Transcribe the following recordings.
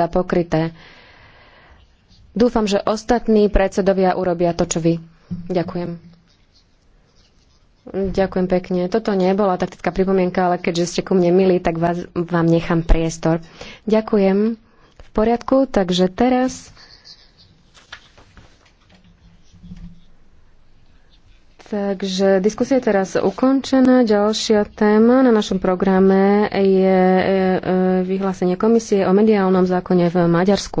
dá teda pokryté. Dúfam, že ostatní predsedovia urobia to, čo vy. Ďakujem. Ďakujem pekne. Toto nebola taktická pripomienka, ale keďže ste ku mne milí, tak vás, vám nechám priestor. Ďakujem. V poriadku, takže teraz Takže diskusia je teraz ukončená. Ďalšia téma na našom programe je e, e, vyhlásenie komisie o mediálnom zákone v Maďarsku.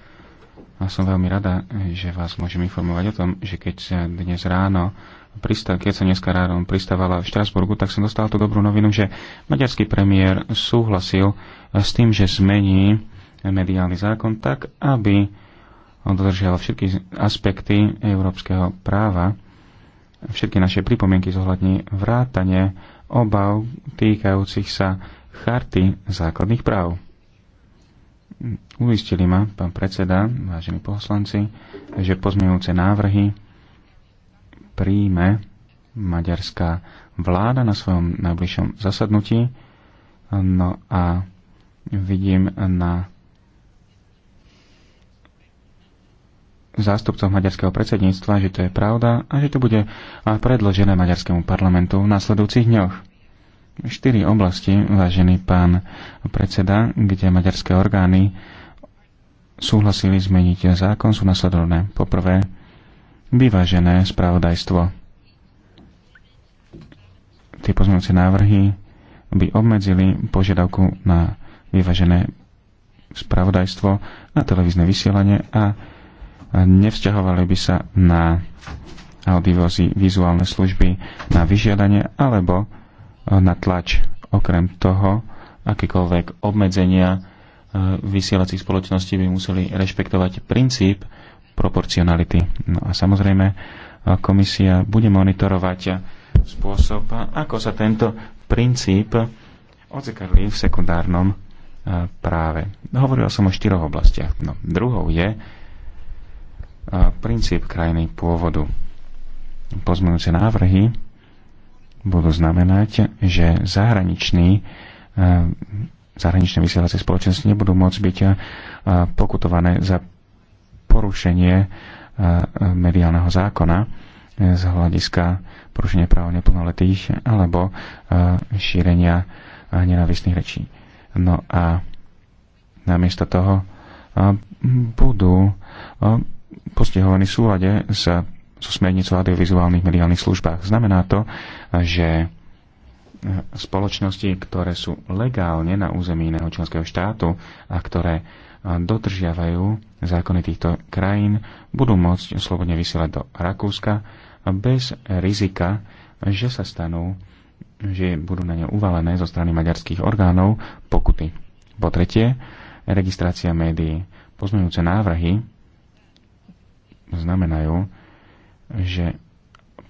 A som veľmi rada, že vás môžem informovať o tom, že keď sa dnes ráno pristav, keď sa dneska ráno pristávala v Štrasburgu, tak som dostal tú dobrú novinu, že maďarský premiér súhlasil s tým, že zmení mediálny zákon tak, aby dodržiaval všetky aspekty európskeho práva, všetky naše pripomienky zohľadní vrátanie obav týkajúcich sa charty základných práv. Uistili ma pán predseda, vážení poslanci, že pozmejúce návrhy príjme maďarská vláda na svojom najbližšom zasadnutí. No a vidím na zástupcov maďarského predsedníctva, že to je pravda a že to bude predložené maďarskému parlamentu v následujúcich dňoch štyri oblasti, vážený pán predseda, kde maďarské orgány súhlasili zmeniť zákon, sú nasledovné. Poprvé, vyvážené spravodajstvo. Tie pozmeňujúce návrhy by obmedzili požiadavku na vyvážené spravodajstvo, na televízne vysielanie a nevzťahovali by sa na audiovizuálne služby na vyžiadanie alebo na tlač. Okrem toho, akékoľvek obmedzenia e, vysielacích spoločností by museli rešpektovať princíp proporcionality. No a samozrejme, e, komisia bude monitorovať spôsob, ako sa tento princíp odzrkadlí v sekundárnom e, práve. Hovoril som o štyroch oblastiach. No, druhou je princíp krajiny pôvodu. Pozmenujúce návrhy budú znamenať, že zahraniční, e, zahraničné vysielacie spoločnosti nebudú môcť byť e, pokutované za porušenie e, mediálneho zákona z hľadiska porušenia práv neplnoletých alebo šírenia nenávistných rečí. No a namiesto toho budú postihovaní v súlade s sú smernic o audiovizuálnych mediálnych službách. Znamená to, že spoločnosti, ktoré sú legálne na území iného členského štátu a ktoré dodržiavajú zákony týchto krajín, budú môcť slobodne vysielať do Rakúska bez rizika, že sa stanú, že budú na ne uvalené zo strany maďarských orgánov pokuty. Po tretie, registrácia médií. Pozmeňujúce návrhy znamenajú, že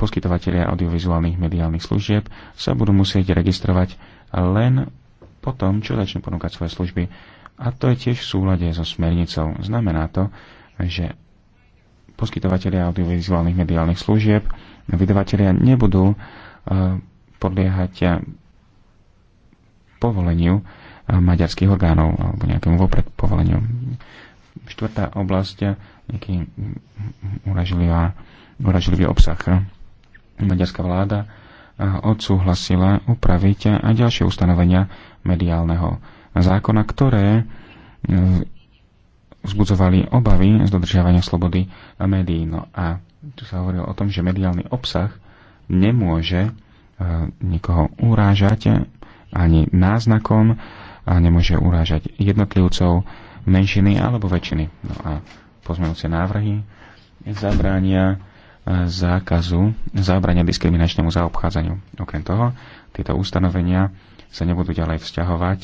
poskytovateľia audiovizuálnych mediálnych služieb sa budú musieť registrovať len po tom, čo začnú ponúkať svoje služby. A to je tiež v súlade so smernicou. Znamená to, že poskytovateľia audiovizuálnych mediálnych služieb, vydavatelia nebudú e, podliehať e, povoleniu e, maďarských orgánov alebo nejakému vopred povoleniu. Štvrtá oblasť, nejaký uražlivá vražlivý obsah. Maďarská vláda odsúhlasila upraviť a ďalšie ustanovenia mediálneho zákona, ktoré e, vzbudzovali obavy z dodržiavania slobody médií. No a tu sa hovorilo o tom, že mediálny obsah nemôže e, nikoho urážať ani náznakom a nemôže urážať jednotlivcov, menšiny alebo väčšiny. No a pozmenujúce návrhy zabránia zákazu zábrania diskriminačnému zaobchádzaniu. Okrem toho, tieto ustanovenia sa nebudú ďalej vzťahovať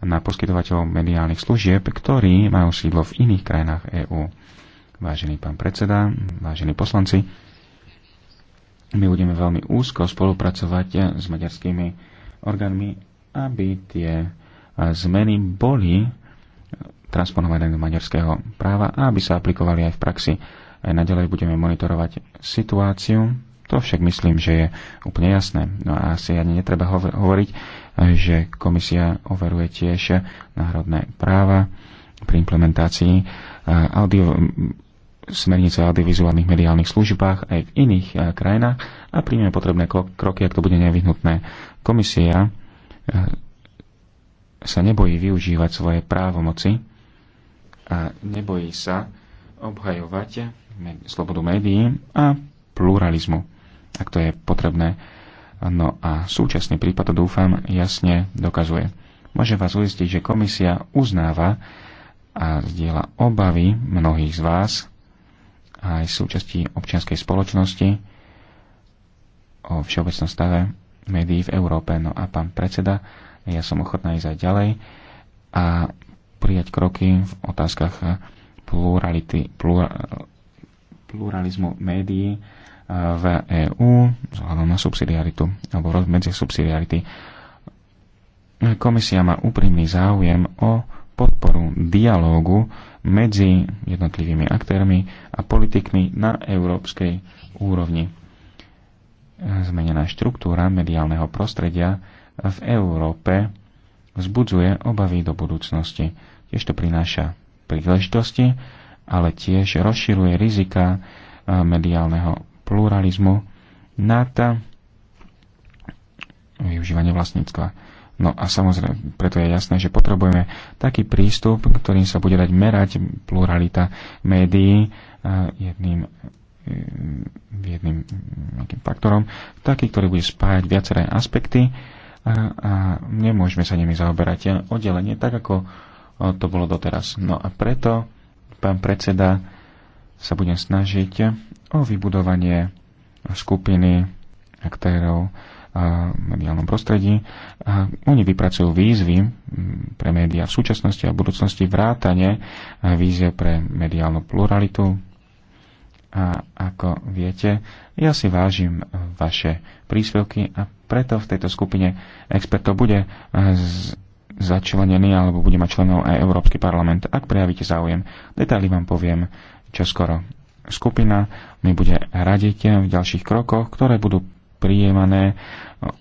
na poskytovateľov mediálnych služieb, ktorí majú sídlo v iných krajinách EÚ. Vážený pán predseda, vážení poslanci, my budeme veľmi úzko spolupracovať s maďarskými orgánmi, aby tie zmeny boli transponované do maďarského práva a aby sa aplikovali aj v praxi. Aj naďalej budeme monitorovať situáciu. To však myslím, že je úplne jasné. No a asi ani netreba hovoriť, že komisia overuje tiež národné práva pri implementácii e, audio, smernice o audiovizuálnych mediálnych službách aj v iných e, krajinách a príjme potrebné kroky, ak to bude nevyhnutné. Komisia e, sa nebojí využívať svoje právomoci a nebojí sa obhajovať slobodu médií a pluralizmu, ak to je potrebné. No a súčasný prípad, to dúfam, jasne dokazuje. Môžem vás uistiť, že komisia uznáva a zdieľa obavy mnohých z vás aj súčasti občianskej spoločnosti o všeobecnom stave médií v Európe. No a pán predseda, ja som ochotná ísť aj ďalej a prijať kroky v otázkach plurality, plura, pluralizmu médií eh, v EÚ vzhľadom na subsidiaritu alebo rozmedzie subsidiarity. Komisia má úprimný záujem o podporu dialógu medzi jednotlivými aktérmi a politikmi na európskej úrovni. Zmenená štruktúra mediálneho prostredia v Európe vzbudzuje obavy do budúcnosti. Tiež to prináša príležitosti, ale tiež rozširuje rizika e, mediálneho pluralizmu nad e, využívanie vlastníctva. No a samozrejme, preto je jasné, že potrebujeme taký prístup, ktorým sa bude dať merať pluralita médií e, jedným, jedným nejakým faktorom, taký, ktorý bude spájať viaceré aspekty a, a nemôžeme sa nimi zaoberať oddelenie, tak ako to bolo doteraz. No a preto, pán predseda, sa budem snažiť o vybudovanie skupiny aktérov v mediálnom prostredí. A oni vypracujú výzvy pre médiá v súčasnosti a v budúcnosti vrátane vízie pre mediálnu pluralitu. A ako viete, ja si vážim vaše príspevky a preto v tejto skupine expertov bude z začlenený alebo bude mať členov aj Európsky parlament. Ak prejavíte záujem, detaily vám poviem čoskoro. Skupina mi bude radiť v ďalších krokoch, ktoré budú prijímané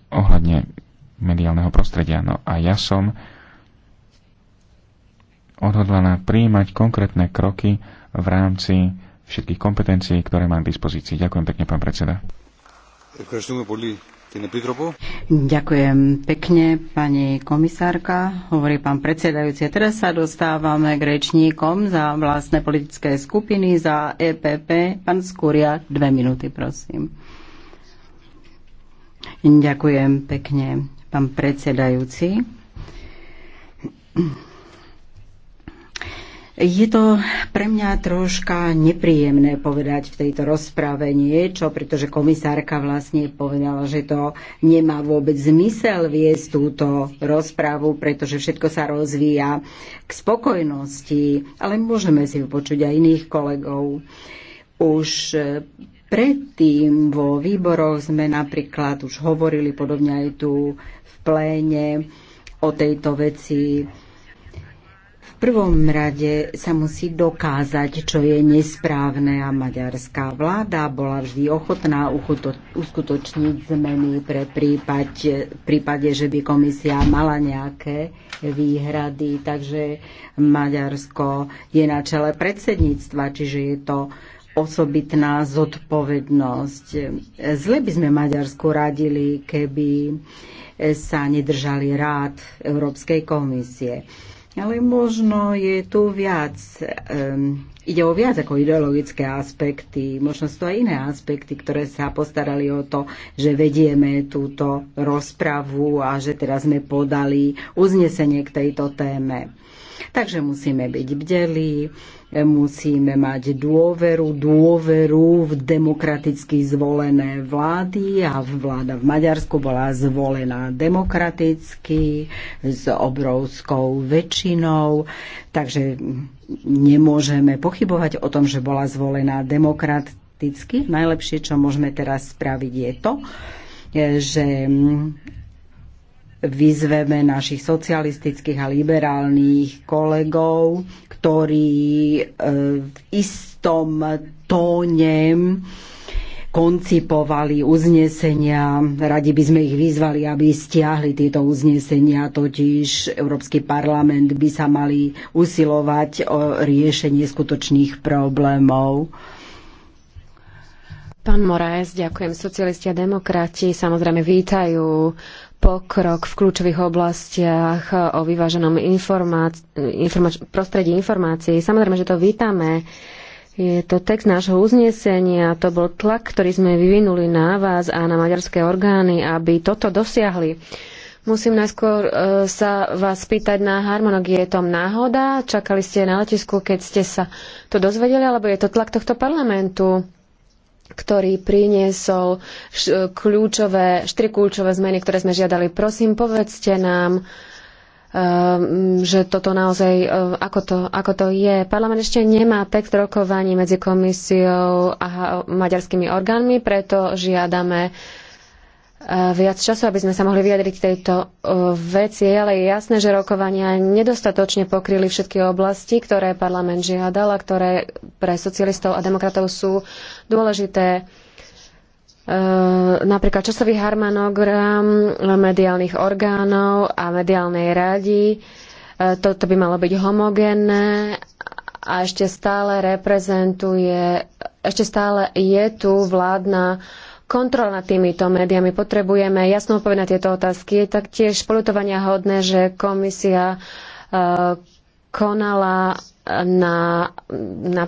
ohľadne mediálneho prostredia. No a ja som odhodlaná prijímať konkrétne kroky v rámci všetkých kompetencií, ktoré mám k dispozícii. Ďakujem pekne, pán predseda. Ďakujem pekne, pani komisárka, hovorí pán predsedajúci. Teraz sa dostávame k rečníkom za vlastné politické skupiny, za EPP. Pán Skúria, dve minúty, prosím. Ďakujem pekne, pán predsedajúci. Je to pre mňa troška nepríjemné povedať v tejto rozprave niečo, pretože komisárka vlastne povedala, že to nemá vôbec zmysel viesť túto rozprávu, pretože všetko sa rozvíja k spokojnosti, ale môžeme si vypočuť aj iných kolegov. Už eh, predtým vo výboroch sme napríklad už hovorili podobne aj tu v pléne o tejto veci prvom rade sa musí dokázať, čo je nesprávne a maďarská vláda bola vždy ochotná uskutočniť zmeny pre prípad, prípade, že by komisia mala nejaké výhrady. Takže Maďarsko je na čele predsedníctva, čiže je to osobitná zodpovednosť. Zle by sme Maďarsku radili, keby sa nedržali rád Európskej komisie ale možno je tu viac, um, ide o viac ako ideologické aspekty, možno sú to aj iné aspekty, ktoré sa postarali o to, že vedieme túto rozpravu a že teraz sme podali uznesenie k tejto téme. Takže musíme byť bdelí, Musíme mať dôveru, dôveru v demokraticky zvolené vlády a vláda v Maďarsku bola zvolená demokraticky s obrovskou väčšinou. Takže nemôžeme pochybovať o tom, že bola zvolená demokraticky. Najlepšie, čo môžeme teraz spraviť, je to, že vyzveme našich socialistických a liberálnych kolegov, ktorí e, v istom tóne koncipovali uznesenia. Radi by sme ich vyzvali, aby stiahli tieto uznesenia, totiž Európsky parlament by sa mali usilovať o riešenie skutočných problémov. Pán Moraes, ďakujem. Socialisti a demokrati samozrejme vítajú pokrok v kľúčových oblastiach, eh, o vyváženom informáci- informač- prostredí informácií. Samozrejme, že to vítame. Je to text nášho uznesenia, to bol tlak, ktorý sme vyvinuli na vás a na maďarské orgány, aby toto dosiahli. Musím najskôr eh, sa vás spýtať na harmonog. Je to náhoda? Čakali ste na letisku, keď ste sa to dozvedeli, alebo je to tlak tohto parlamentu? ktorý priniesol kľúčové, štyri kľúčové zmeny, ktoré sme žiadali. Prosím, povedzte nám, um, že toto naozaj, um, ako to, ako to je. Parlament ešte nemá text rokovaní medzi komisiou a maďarskými orgánmi, preto žiadame viac času, aby sme sa mohli vyjadriť tejto e, veci, ale je jasné, že rokovania nedostatočne pokryli všetky oblasti, ktoré parlament žiadal a ktoré pre socialistov a demokratov sú dôležité. E, napríklad časový harmonogram mediálnych orgánov a mediálnej rady. E, toto by malo byť homogénne a ešte stále reprezentuje, ešte stále je tu vládna kontrol nad týmito médiami. Potrebujeme jasnú odpoveď na tieto otázky. Je taktiež polutovania hodné, že komisia eh, konala na, na,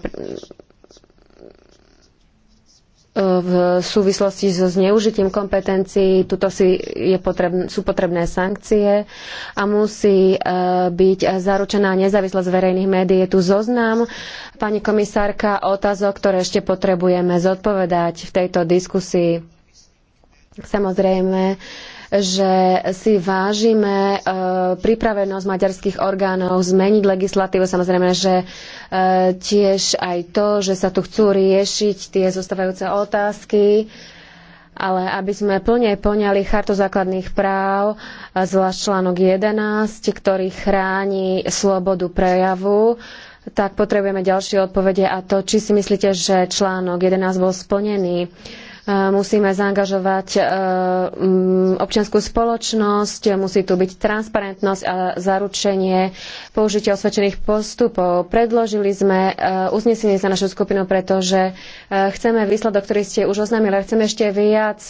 E, v súvislosti so zneužitím kompetencií. Tuto si je potrebn- sú potrebné sankcie a musí e, byť zaručená nezávislosť verejných médií. Je tu zoznam, pani komisárka, otázok, ktoré ešte potrebujeme zodpovedať v tejto diskusii. Samozrejme, že si vážime e, pripravenosť maďarských orgánov zmeniť legislatívu. Samozrejme, že e, tiež aj to, že sa tu chcú riešiť tie zostávajúce otázky ale aby sme plne poňali chartu základných práv, e, zvlášť článok 11, ktorý chráni slobodu prejavu, tak potrebujeme ďalšie odpovede a to, či si myslíte, že článok 11 bol splnený. Uh, musíme zaangažovať e, občianskú spoločnosť, musí tu byť transparentnosť a zaručenie použitia osvedčených postupov. Predložili sme e, uznesenie za našu skupinu, pretože e, chceme výsledok, ktorý ste už oznámili, ale chceme ešte viac.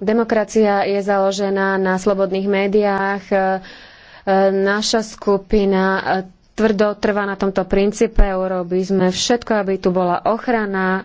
Demokracia je založená na slobodných médiách. Naša skupina tvrdo trvá na tomto princípe. Urobili sme všetko, aby tu bola ochrana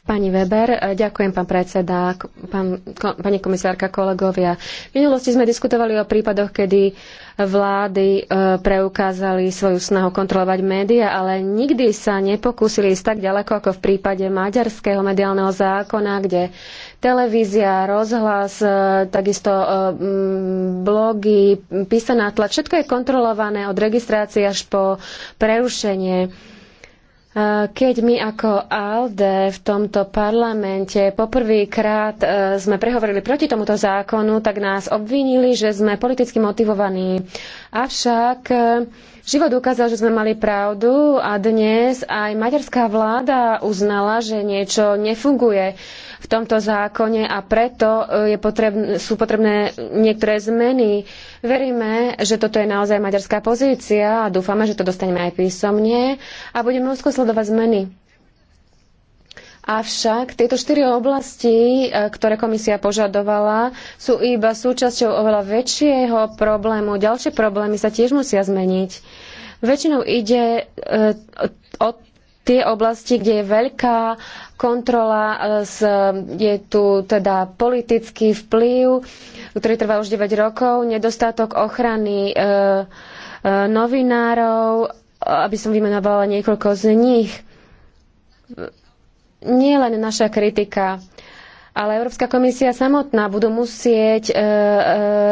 pani Weber, ďakujem pán predseda, pán, ko, pani komisárka, kolegovia. V minulosti sme diskutovali o prípadoch, kedy vlády e, preukázali svoju snahu kontrolovať médiá, ale nikdy sa nepokúsili ísť tak ďaleko ako v prípade maďarského mediálneho zákona, kde televízia, rozhlas, e, takisto e, blogy, písaná tlač, všetko je kontrolované od registrácie až po prerušenie keď my ako ALDE v tomto parlamente poprvýkrát e, sme prehovorili proti tomuto zákonu, tak nás obvinili, že sme politicky motivovaní. Avšak e, život ukázal, že sme mali pravdu a dnes aj maďarská vláda uznala, že niečo nefunguje v tomto zákone a preto e, potrebné, sú potrebné niektoré zmeny. Veríme, že toto je naozaj maďarská pozícia a dúfame, že to dostaneme aj písomne a budeme úzko sledovať zmeny Avšak tieto štyri oblasti, e, ktoré komisia požadovala, sú iba súčasťou oveľa väčšieho problému. Ďalšie problémy sa tiež musia zmeniť. Väčšinou ide e, o tie oblasti, kde je veľká kontrola, e, je tu teda politický vplyv, ktorý trvá už 9 rokov, nedostatok ochrany novinárov, aby som vymenovala niekoľko z nich nie len naša kritika, ale Európska komisia samotná budú musieť e, e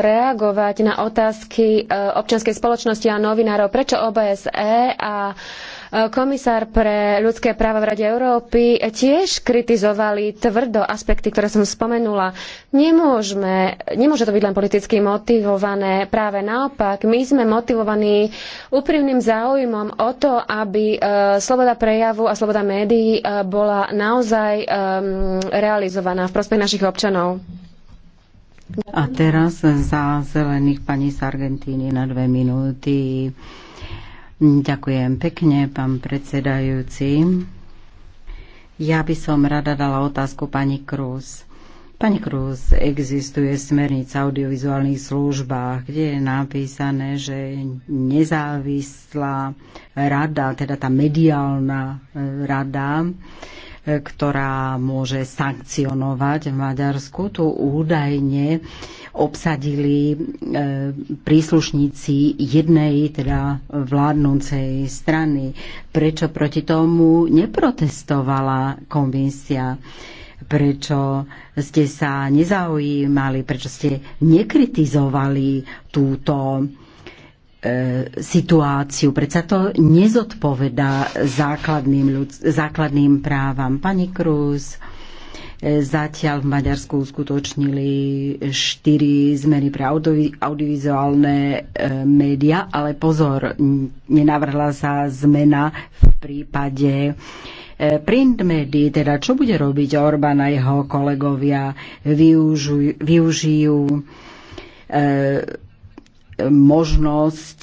reagovať na otázky e, občianskej spoločnosti a novinárov, prečo OBSE a e, komisár pre ľudské práva v Rade Európy tiež kritizovali tvrdo aspekty, ktoré som spomenula. Nemôžeme, nemôže to byť len politicky motivované, práve naopak. My sme motivovaní úprimným záujmom o to, aby e, sloboda prejavu a sloboda médií e, bola naozaj e, realizovaná v prospech našich občanov. A teraz za zelených pani z Argentíny na dve minúty. Ďakujem pekne, pán predsedajúci. Ja by som rada dala otázku pani Krús. Pani Krús, existuje smernica o audiovizuálnych službách, kde je napísané, že nezávislá rada, teda tá mediálna rada, ktorá môže sankcionovať v Maďarsku. Tu údajne obsadili e, príslušníci jednej, teda vládnúcej strany. Prečo proti tomu neprotestovala komisia? Prečo ste sa nezaujímali? Prečo ste nekritizovali túto E, situáciu. Predsa to nezodpovedá základným, ľud- základným právam. Pani Krús, e, zatiaľ v Maďarsku uskutočnili štyri zmeny pre audio- audiovizuálne e, média, ale pozor, nenavrhla sa zmena v prípade print médií, teda čo bude robiť Orbán a jeho kolegovia, využuj, využijú možnosť,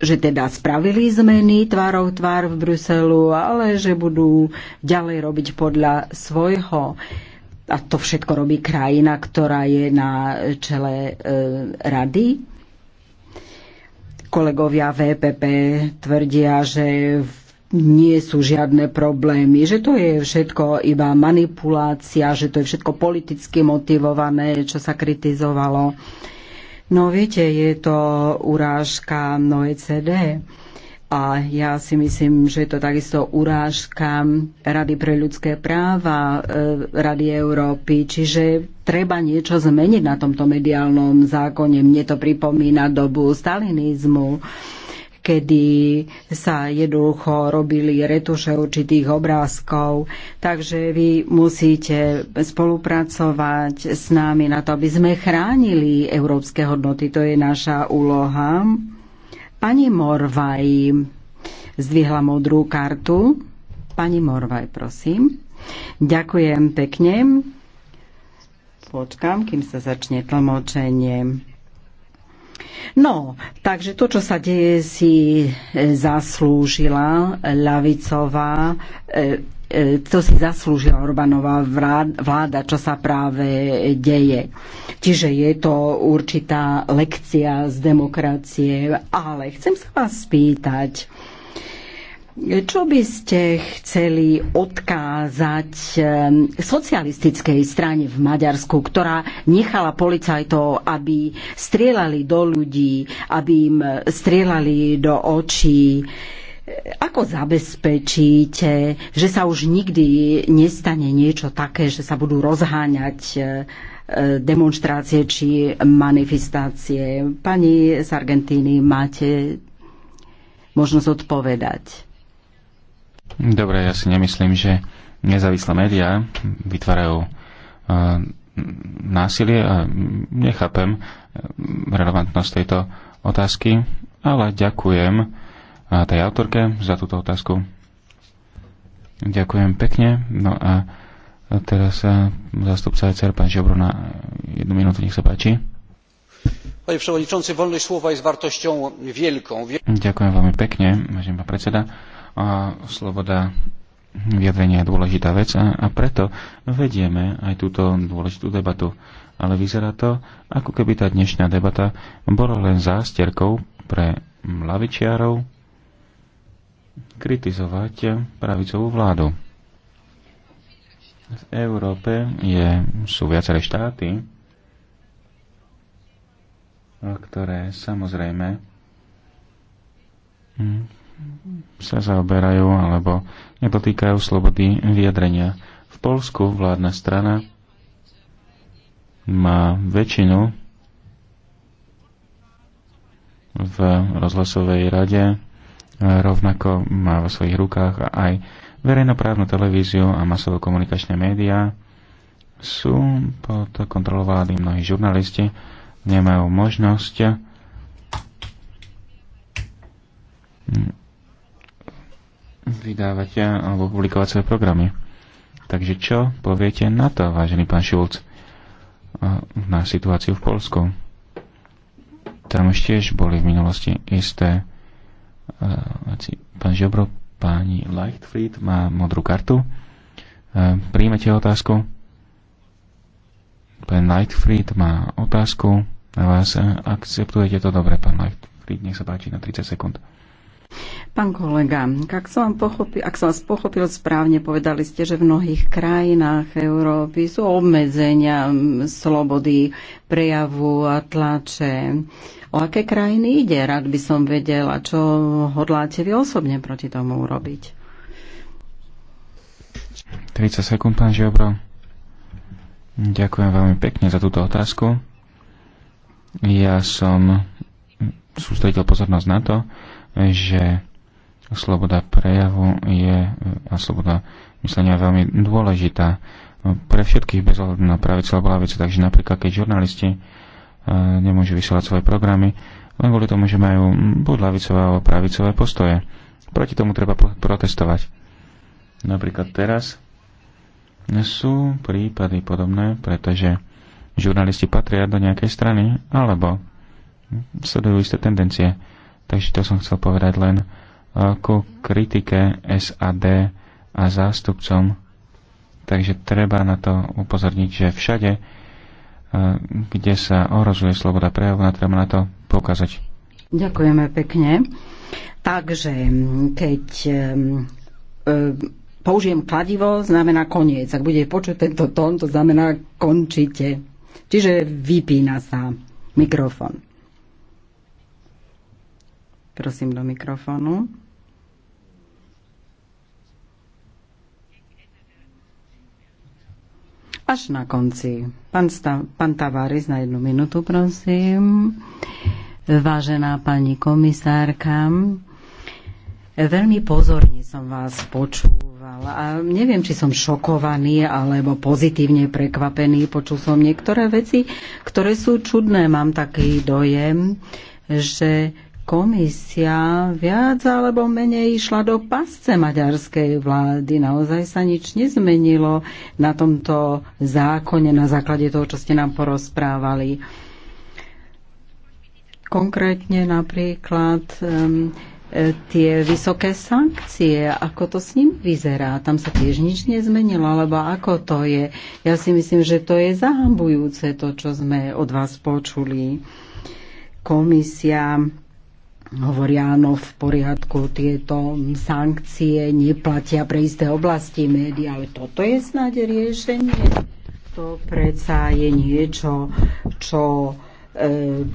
že teda spravili zmeny tvárov tvár v Bruselu, ale že budú ďalej robiť podľa svojho. A to všetko robí krajina, ktorá je na čele eh, rady. Kolegovia VPP tvrdia, že v nie sú žiadne problémy, že to je všetko iba manipulácia, že to je všetko politicky motivované, čo sa kritizovalo. Uh, No viete, je to urážka OECD. A ja si myslím, že je to takisto urážka Rady pre ľudské práva, e, Rady Európy, čiže treba niečo zmeniť na tomto mediálnom zákone. Mne to pripomína dobu stalinizmu kedy sa jednoducho robili retuše určitých obrázkov. Takže vy musíte spolupracovať s nami na to, aby sme chránili európske hodnoty. To je naša úloha. Pani Morvaj zdvihla modrú kartu. Pani Morvaj, prosím. Ďakujem pekne. Počkám, kým sa začne tlmočenie. No, takže to, čo sa deje, si e, zaslúžila ľavicová e, e, to si zaslúžila Orbánová vláda, čo sa práve deje. Čiže je to určitá lekcia z demokracie. Ale chcem sa vás spýtať, čo by ste chceli odkázať ehm, socialistickej strane v Maďarsku, ktorá nechala policajtov, aby strieľali do ľudí, aby im strieľali do očí? Ako zabezpečíte, že sa už nikdy nestane niečo také, že sa budú rozháňať e, e, demonstrácie či manifestácie? Pani Sargentini, máte možnosť odpovedať. Dobre, ja si nemyslím, že nezávislé médiá vytvárajú e, násilie a nechápem e, relevantnosť tejto otázky, ale ďakujem e, tej autorke za túto otázku. Ďakujem pekne. No a teraz sa zastupca ECR, pán Žiobro, na jednu minútu, nech sa páči. Panie przewodniczący, wolność słowa jest wartością wielką. Ďakujem veľmi pekne, vážený pán predseda a sloboda vyjadrenia je dôležitá vec a, a preto vedieme aj túto dôležitú debatu. Ale vyzerá to, ako keby tá dnešná debata bola len zásterkou pre mlavičiarov kritizovať pravicovú vládu. V Európe je, sú viaceré štáty, ktoré samozrejme sa zaoberajú alebo nedotýkajú slobody vyjadrenia. V Polsku vládna strana má väčšinu v rozhlasovej rade, rovnako má vo svojich rukách aj verejnoprávnu televíziu a masovo-komunikačné médiá. Sú pod kontrolou vlády mnohí žurnalisti, nemajú možnosť vydávať eh, alebo publikovať svoje programy. Takže čo poviete na to, vážený pán Šulc, eh, na situáciu v Polsku? Tam už tiež boli v minulosti isté eh, pán Žobro, pani Lightfried má modrú kartu. Príjmete otázku? Pán Lightfried má otázku na vás. Akceptujete to dobre, pán Lightfried? Nech sa páči na 30 sekúnd. Pán kolega, ak som, vám pochopil, ak som vás pochopil správne, povedali ste, že v mnohých krajinách Európy sú obmedzenia slobody prejavu a tlače. O aké krajiny ide? Rád by som vedela, čo hodláte vy osobne proti tomu urobiť. 30 sekúnd, pán Žiobro. Ďakujem veľmi pekne za túto otázku. Ja som sústredil pozornosť na to, že sloboda prejavu je a sloboda myslenia je veľmi dôležitá pre všetkých bez ohľadu na pravicu alebo lavicu. Takže napríklad, keď žurnalisti e, nemôžu vysielať svoje programy, len kvôli tomu, že majú buď lavicové alebo pravicové postoje. Proti tomu treba protestovať. Napríklad teraz sú prípady podobné, pretože žurnalisti patria do nejakej strany alebo sledujú isté tendencie. Takže to som chcel povedať len e, ku kritike SAD a zástupcom. Takže treba na to upozorniť, že všade, e, kde sa ohrozuje sloboda prejavu, treba na to poukázať. Ďakujeme pekne. Takže keď e, použijem kladivo, znamená koniec. Ak bude počuť tento tón, to znamená končite. Čiže vypína sa mikrofón. Prosím do mikrofónu. Až na konci. Pán, pán Tavares, na jednu minútu, prosím. Vážená pani komisárka, Veľmi pozorne som vás počúval a neviem, či som šokovaný alebo pozitívne prekvapený. Počul som niektoré veci, ktoré sú čudné. Mám taký dojem, že komisia viac alebo menej išla do pasce maďarskej vlády. Naozaj sa nič nezmenilo na tomto zákone na základe toho, čo ste nám porozprávali. Konkrétne napríklad um, tie vysoké sankcie, ako to s ním vyzerá. Tam sa tiež nič nezmenilo, alebo ako to je. Ja si myslím, že to je zahambujúce to, čo sme od vás počuli. Komisia hovoria áno v poriadku, tieto sankcie neplatia pre isté oblasti médií, ale toto je snáď riešenie. To predsa je niečo, čo e,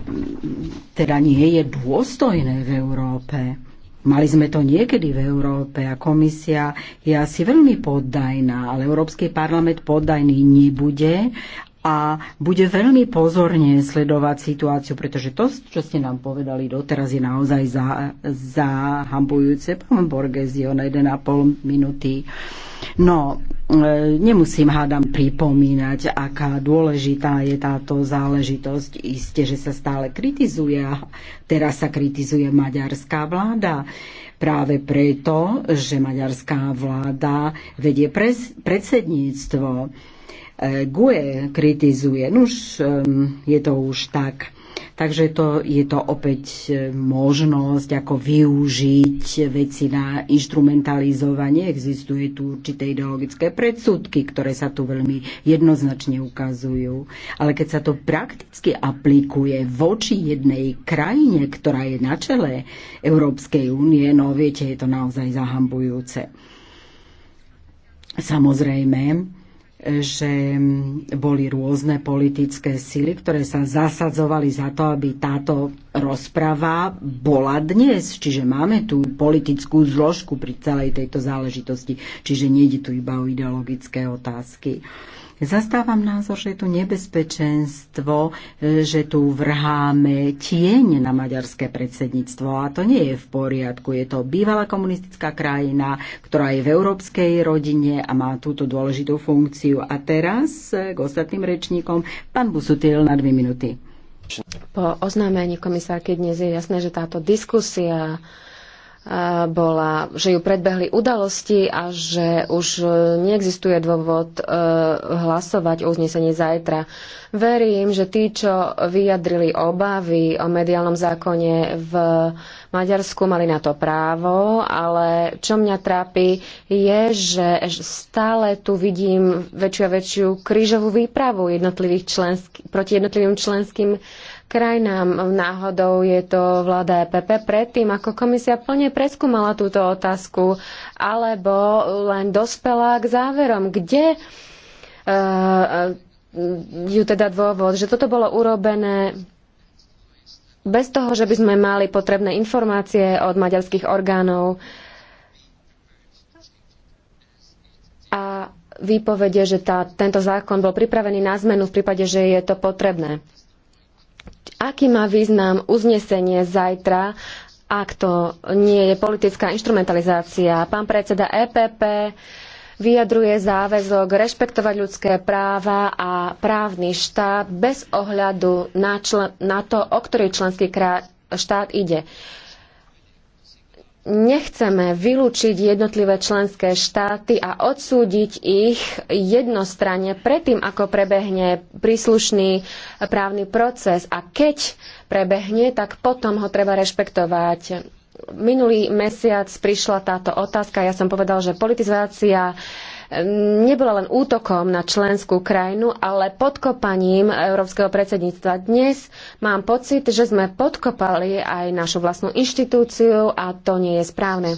teda nie je dôstojné v Európe. Mali sme to niekedy v Európe a komisia je asi veľmi poddajná, ale Európsky parlament poddajný nebude a bude veľmi pozorne sledovať situáciu, pretože to, čo ste nám povedali doteraz, je naozaj zahambujúce. Pán Borges je on 1,5 minúty. No, e, nemusím hádam pripomínať, aká dôležitá je táto záležitosť. Isté, že sa stále kritizuje a teraz sa kritizuje maďarská vláda. Práve preto, že maďarská vláda vedie pres, predsedníctvo GUE kritizuje. Nuž, je to už tak. Takže to, je to opäť možnosť, ako využiť veci na instrumentalizovanie. Existuje tu určité ideologické predsudky, ktoré sa tu veľmi jednoznačne ukazujú. Ale keď sa to prakticky aplikuje voči jednej krajine, ktorá je na čele Európskej únie, no viete, je to naozaj zahambujúce. Samozrejme, že boli rôzne politické sily, ktoré sa zasadzovali za to, aby táto rozprava bola dnes. Čiže máme tú politickú zložku pri celej tejto záležitosti. Čiže nejde tu iba o ideologické otázky. Zastávam názor, že je tu nebezpečenstvo, e, že tu vrháme tieň na maďarské predsedníctvo a to nie je v poriadku. Je to bývalá komunistická krajina, ktorá je v európskej rodine a má túto dôležitú funkciu. A teraz e, k ostatným rečníkom pán Busutil na dve minúty. Po oznámení komisárky dnes je jasné, že táto diskusia bola, že ju predbehli udalosti a že už e, neexistuje dôvod e, hlasovať o uznesení zajtra. Verím, že tí, čo vyjadrili obavy o mediálnom zákone v Maďarsku, mali na to právo, ale čo mňa trápi je, že stále tu vidím väčšiu a väčšiu krížovú výpravu jednotlivých členský, proti jednotlivým členským krajinám. Náhodou je to vláda EPP predtým, ako komisia plne preskúmala túto otázku, alebo len dospela k záverom, kde eh, ju teda dôvod, že toto bolo urobené bez toho, že by sme mali potrebné informácie od maďarských orgánov a výpovede, že tá, tento zákon bol pripravený na zmenu v prípade, že je to potrebné aký má význam uznesenie zajtra, ak to nie je politická instrumentalizácia. Pán predseda EPP vyjadruje záväzok rešpektovať ľudské práva a právny štát bez ohľadu na, na to, o ktorý členský štát ide nechceme vylúčiť jednotlivé členské štáty a odsúdiť ich jednostranne predtým, ako prebehne príslušný právny proces. A keď prebehne, tak potom ho treba rešpektovať. Minulý mesiac prišla táto otázka. Ja som povedal, že politizácia nebola len útokom na členskú krajinu, ale podkopaním európskeho predsedníctva. Dnes mám pocit, že sme podkopali aj našu vlastnú inštitúciu a to nie je správne.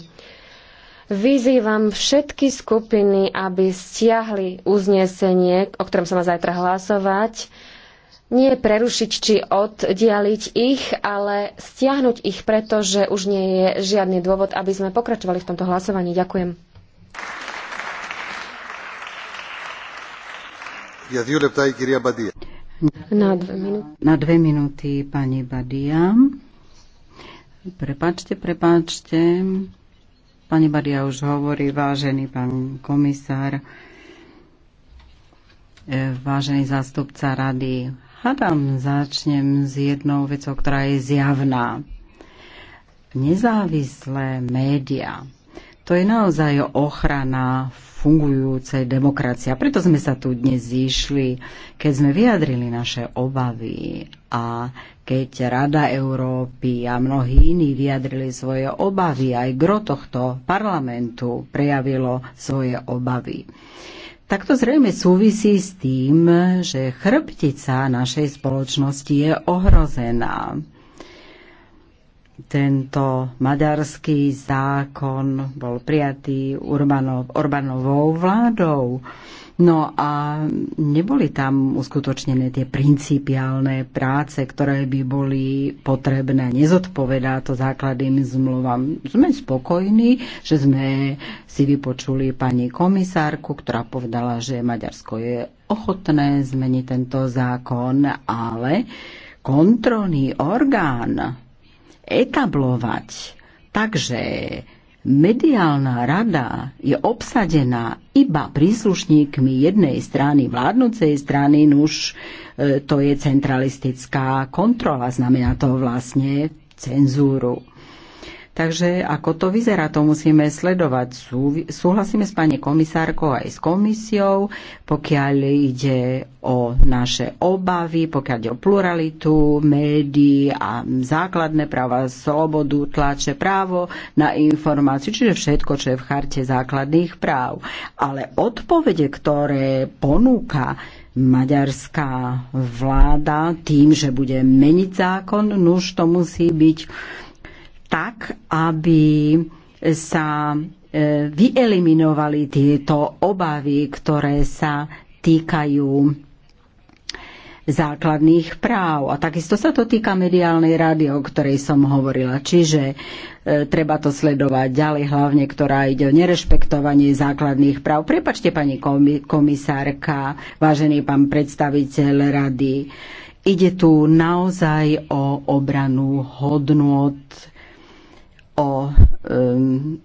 Vyzývam všetky skupiny, aby stiahli uznesenie, o ktorom sa má zajtra hlasovať, nie prerušiť či oddialiť ich, ale stiahnuť ich, pretože už nie je žiadny dôvod, aby sme pokračovali v tomto hlasovaní. Ďakujem. Na dve, minúty. Na dve minúty pani Badia. Prepačte, prepačte. Pani Badia už hovorí, vážený pán komisár, vážený zástupca rady. Hadam začnem s jednou vecou, ktorá je zjavná. Nezávislé médiá to je naozaj ochrana fungujúcej demokracie. Preto sme sa tu dnes zišli, keď sme vyjadrili naše obavy a keď Rada Európy a mnohí iní vyjadrili svoje obavy, aj gro tohto parlamentu prejavilo svoje obavy. Tak to zrejme súvisí s tým, že chrbtica našej spoločnosti je ohrozená. Tento maďarský zákon bol prijatý Urbanov, Orbanovou vládou. No a neboli tam uskutočnené tie principiálne práce, ktoré by boli potrebné. Nezodpovedá to základným zmluvám. Sme spokojní, že sme si vypočuli pani komisárku, ktorá povedala, že Maďarsko je ochotné zmeniť tento zákon, ale kontrolný orgán etablovať. Takže mediálna rada je obsadená iba príslušníkmi jednej strany, vládnucej strany, nuž e, to je centralistická kontrola, znamená to vlastne cenzúru. Takže ako to vyzerá, to musíme sledovať. Súhlasíme s pani komisárkou aj s komisiou, pokiaľ ide o naše obavy, pokiaľ ide o pluralitu médií a základné práva, slobodu, tlače, právo na informáciu, čiže všetko, čo je v charte základných práv. Ale odpovede, ktoré ponúka maďarská vláda tým, že bude meniť zákon, nuž to musí byť tak, aby sa e, vyeliminovali tieto obavy, ktoré sa týkajú základných práv. A takisto sa to týka mediálnej rady, o ktorej som hovorila. Čiže e, treba to sledovať ďalej, hlavne ktorá ide o nerešpektovanie základných práv. Prepačte, pani komisárka, vážený pán predstaviteľ rady, ide tu naozaj o obranu hodnot o um,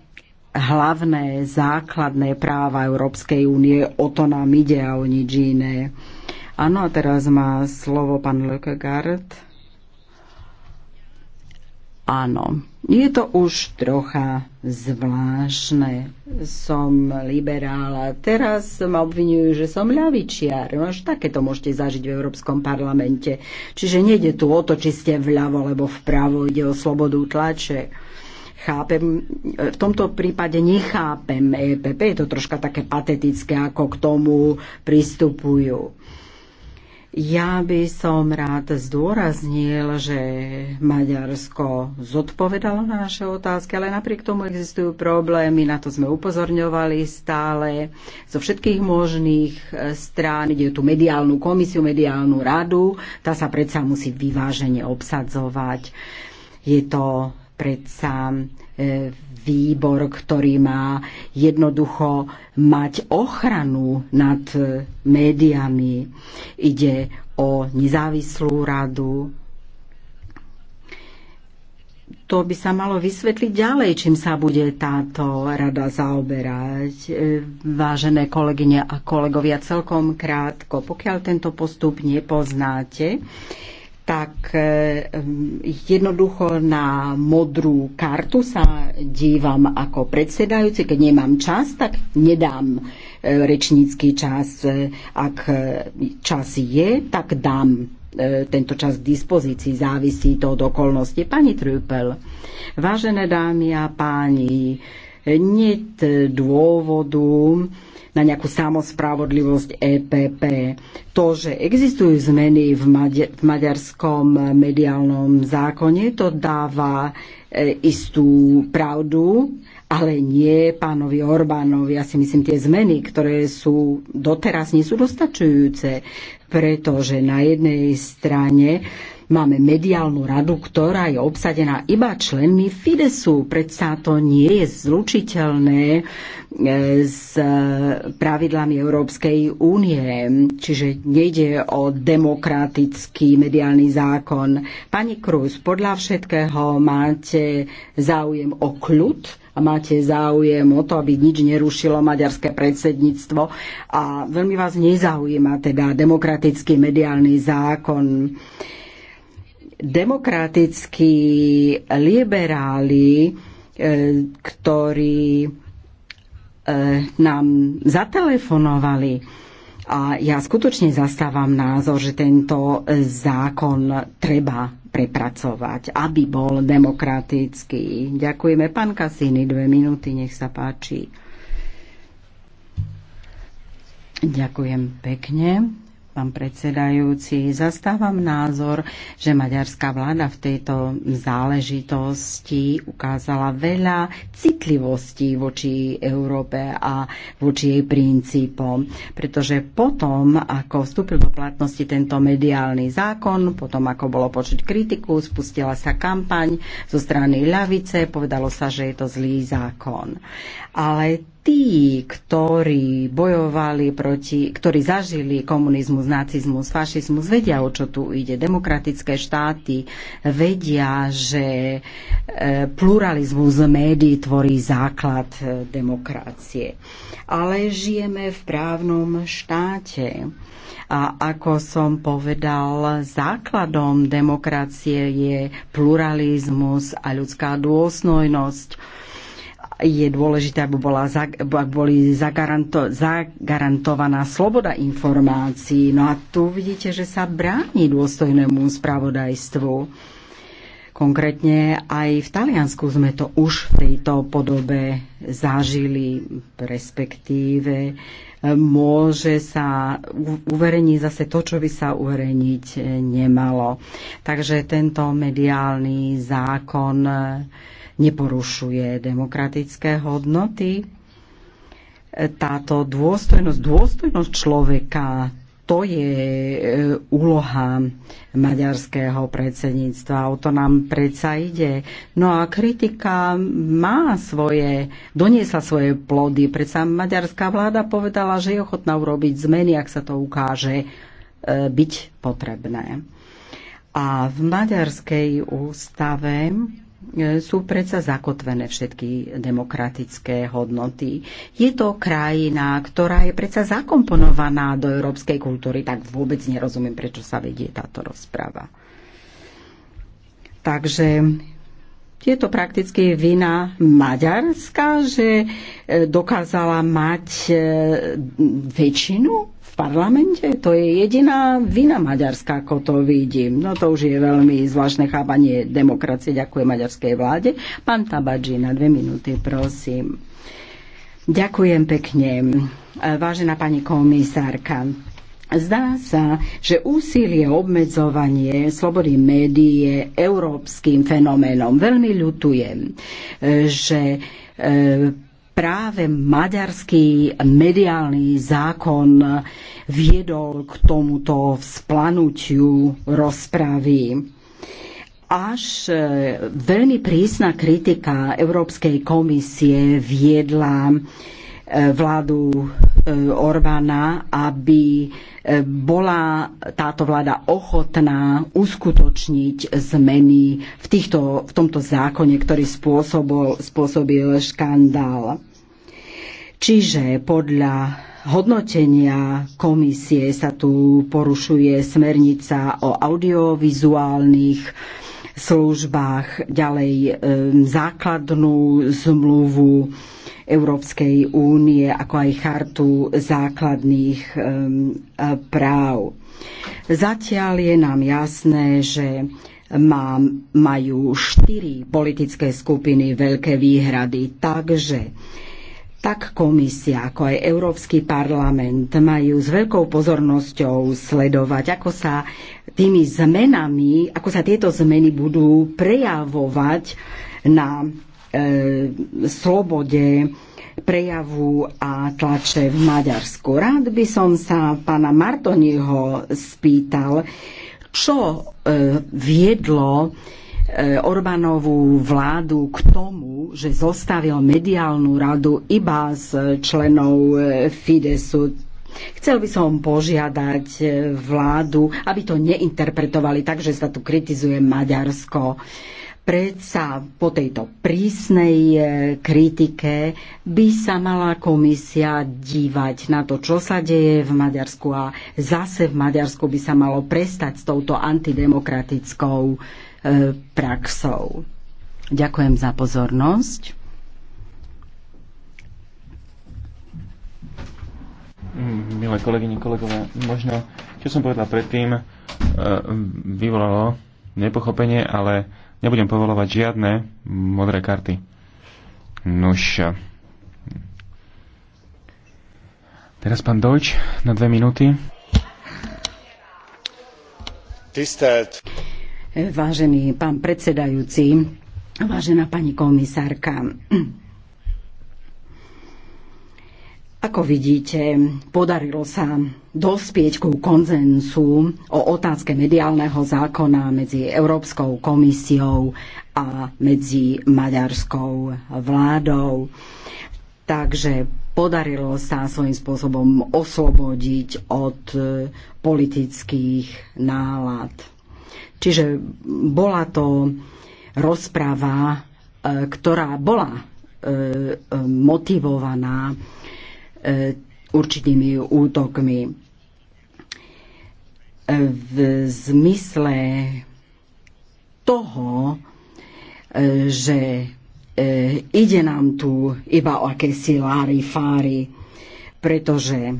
hlavné základné práva Európskej únie. O to nám ide a o nič iné. Áno, a teraz má slovo pán Lökegaard. Áno, je to už trocha zvláštne. Som liberál a teraz ma obvinujú, že som ľavičiar. No až to môžete zažiť v Európskom parlamente. Čiže nejde tu o to, či ste vľavo alebo vpravo, ide o slobodu tlače chápem, e, v tomto prípade nechápem EPP, je to troška také patetické, ako k tomu pristupujú. Ja by som rád zdôraznil, že Maďarsko zodpovedalo na naše otázky, ale napriek tomu existujú problémy, na to sme upozorňovali stále zo všetkých možných e, strán. Ide tu mediálnu komisiu, mediálnu radu, tá sa predsa musí vyvážene obsadzovať. Je to predsa e, výbor, ktorý má jednoducho mať ochranu nad e, médiami. Ide o nezávislú radu. To by sa malo vysvetliť ďalej, čím sa bude táto rada zaoberať. E, vážené kolegyne a kolegovia, celkom krátko, pokiaľ tento postup nepoznáte, tak eh, mm, jednoducho na modrú kartu sa dívam ako predsedajúci. Keď nemám čas, tak nedám eh, rečnícky čas. Eh, ak čas je, tak dám tento čas k dispozícii. Závisí to od okolnosti. Pani Trúpel, vážené dámy a páni, net dôvodu, na nejakú samospravodlivosť EPP. To, že existujú zmeny v, maďa- v maďarskom mediálnom zákone, to dáva e, istú pravdu, ale nie pánovi Orbánovi. Ja si myslím, tie zmeny, ktoré sú doteraz, nie sú dostačujúce, pretože na jednej strane Máme mediálnu radu, ktorá je obsadená iba členmi Fidesu. Predsa to nie je zlučiteľné e, s e, pravidlami Európskej únie. Čiže nejde o demokratický mediálny zákon. Pani Krus, podľa všetkého máte záujem o kľud a máte záujem o to, aby nič nerušilo maďarské predsedníctvo a veľmi vás nezaujíma teda demokratický mediálny zákon demokratickí liberáli, e, ktorí e, nám zatelefonovali, a ja skutočne zastávam názor, že tento zákon treba prepracovať, aby bol demokratický. Ďakujeme. Pán Kasíny, dve minúty, nech sa páči. Ďakujem pekne pán predsedajúci. Zastávam názor, že maďarská vláda v tejto záležitosti ukázala veľa citlivostí voči Európe a voči jej princípom. Pretože potom, ako vstúpil do platnosti tento mediálny zákon, potom ako bolo počuť kritiku, spustila sa kampaň zo strany ľavice, povedalo sa, že je to zlý zákon. Ale tí, ktorí bojovali proti, ktorí zažili komunizmus, nacizmus, fašizmus, vedia, o čo tu ide. Demokratické štáty vedia, že e, pluralizmus médií tvorí základ e, demokracie. Ale žijeme v právnom štáte. A ako som povedal, základom demokracie je pluralizmus a ľudská dôstojnosť je dôležité, aby, bola, aby boli zagaranto, zagarantovaná sloboda informácií. No a tu vidíte, že sa bráni dôstojnému spravodajstvu. Konkrétne aj v Taliansku sme to už v tejto podobe zažili, respektíve e, môže sa uverejniť zase to, čo by sa uverejniť e, nemalo. Takže tento mediálny zákon e, neporušuje demokratické hodnoty. Táto dôstojnosť, dôstojnosť človeka, to je e, úloha maďarského predsedníctva. O to nám predsa ide. No a kritika má svoje, doniesla svoje plody. Predsa maďarská vláda povedala, že je ochotná urobiť zmeny, ak sa to ukáže e, byť potrebné. A v maďarskej ústave sú predsa zakotvené všetky demokratické hodnoty. Je to krajina, ktorá je predsa zakomponovaná do európskej kultúry, tak vôbec nerozumiem, prečo sa vedie táto rozprava. Takže je to prakticky vina Maďarska, že e, dokázala mať e, väčšinu parlamente? To je jediná vina Maďarska, ako to vidím. No to už je veľmi zvláštne chápanie demokracie. Ďakujem maďarskej vláde. Pán Tabadži, na dve minúty, prosím. Ďakujem pekne. Vážená pani komisárka, Zdá sa, že úsilie obmedzovanie slobody médií je európskym fenoménom. Veľmi ľutujem, že e, práve maďarský mediálny zákon viedol k tomuto vzplanutiu rozpravy. Až e, veľmi prísna kritika Európskej komisie viedla vládu e, Orbána, aby e, bola táto vláda ochotná uskutočniť zmeny v, týchto, v tomto zákone, ktorý spôsobil, spôsobil škandál. Čiže podľa hodnotenia komisie sa tu porušuje smernica o audiovizuálnych službách, ďalej e, základnú zmluvu Európskej únie, ako aj chartu základných práv. Zatiaľ je nám jasné, že má, majú štyri politické skupiny veľké výhrady, takže tak komisia, ako aj Európsky parlament majú s veľkou pozornosťou sledovať, ako sa tými zmenami, ako sa tieto zmeny budú prejavovať na E, slobode prejavu a tlače v Maďarsku. Rád by som sa pána Martoniho spýtal, čo e, viedlo e, Orbánovú vládu k tomu, že zostavil mediálnu radu iba z členov Fidesu. Chcel by som požiadať vládu, aby to neinterpretovali tak, že sa tu kritizuje Maďarsko. Predsa po tejto prísnej e, kritike by sa mala komisia dívať na to, čo sa deje v Maďarsku a zase v Maďarsku by sa malo prestať s touto antidemokratickou e, praxou. Ďakujem za pozornosť. Mm, milé kolegyne, kolegové, možno, čo som povedala predtým, e, vyvolalo nepochopenie, ale nebudem povolovať žiadne modré karty. Nuž. Teraz pán Dojč na dve minúty. Tistelt. Vážený pán predsedajúci, vážená pani komisárka, ako vidíte, podarilo sa dospieť ku konzensu o otázke mediálneho zákona medzi Európskou komisiou a medzi maďarskou vládou. Takže podarilo sa svojím spôsobom oslobodiť od e, politických nálad. Čiže bola to rozprava, e, ktorá bola e, motivovaná E, určitými útokmi. E, v zmysle toho, e, že ide nám tu iba o akési lári fári, pretože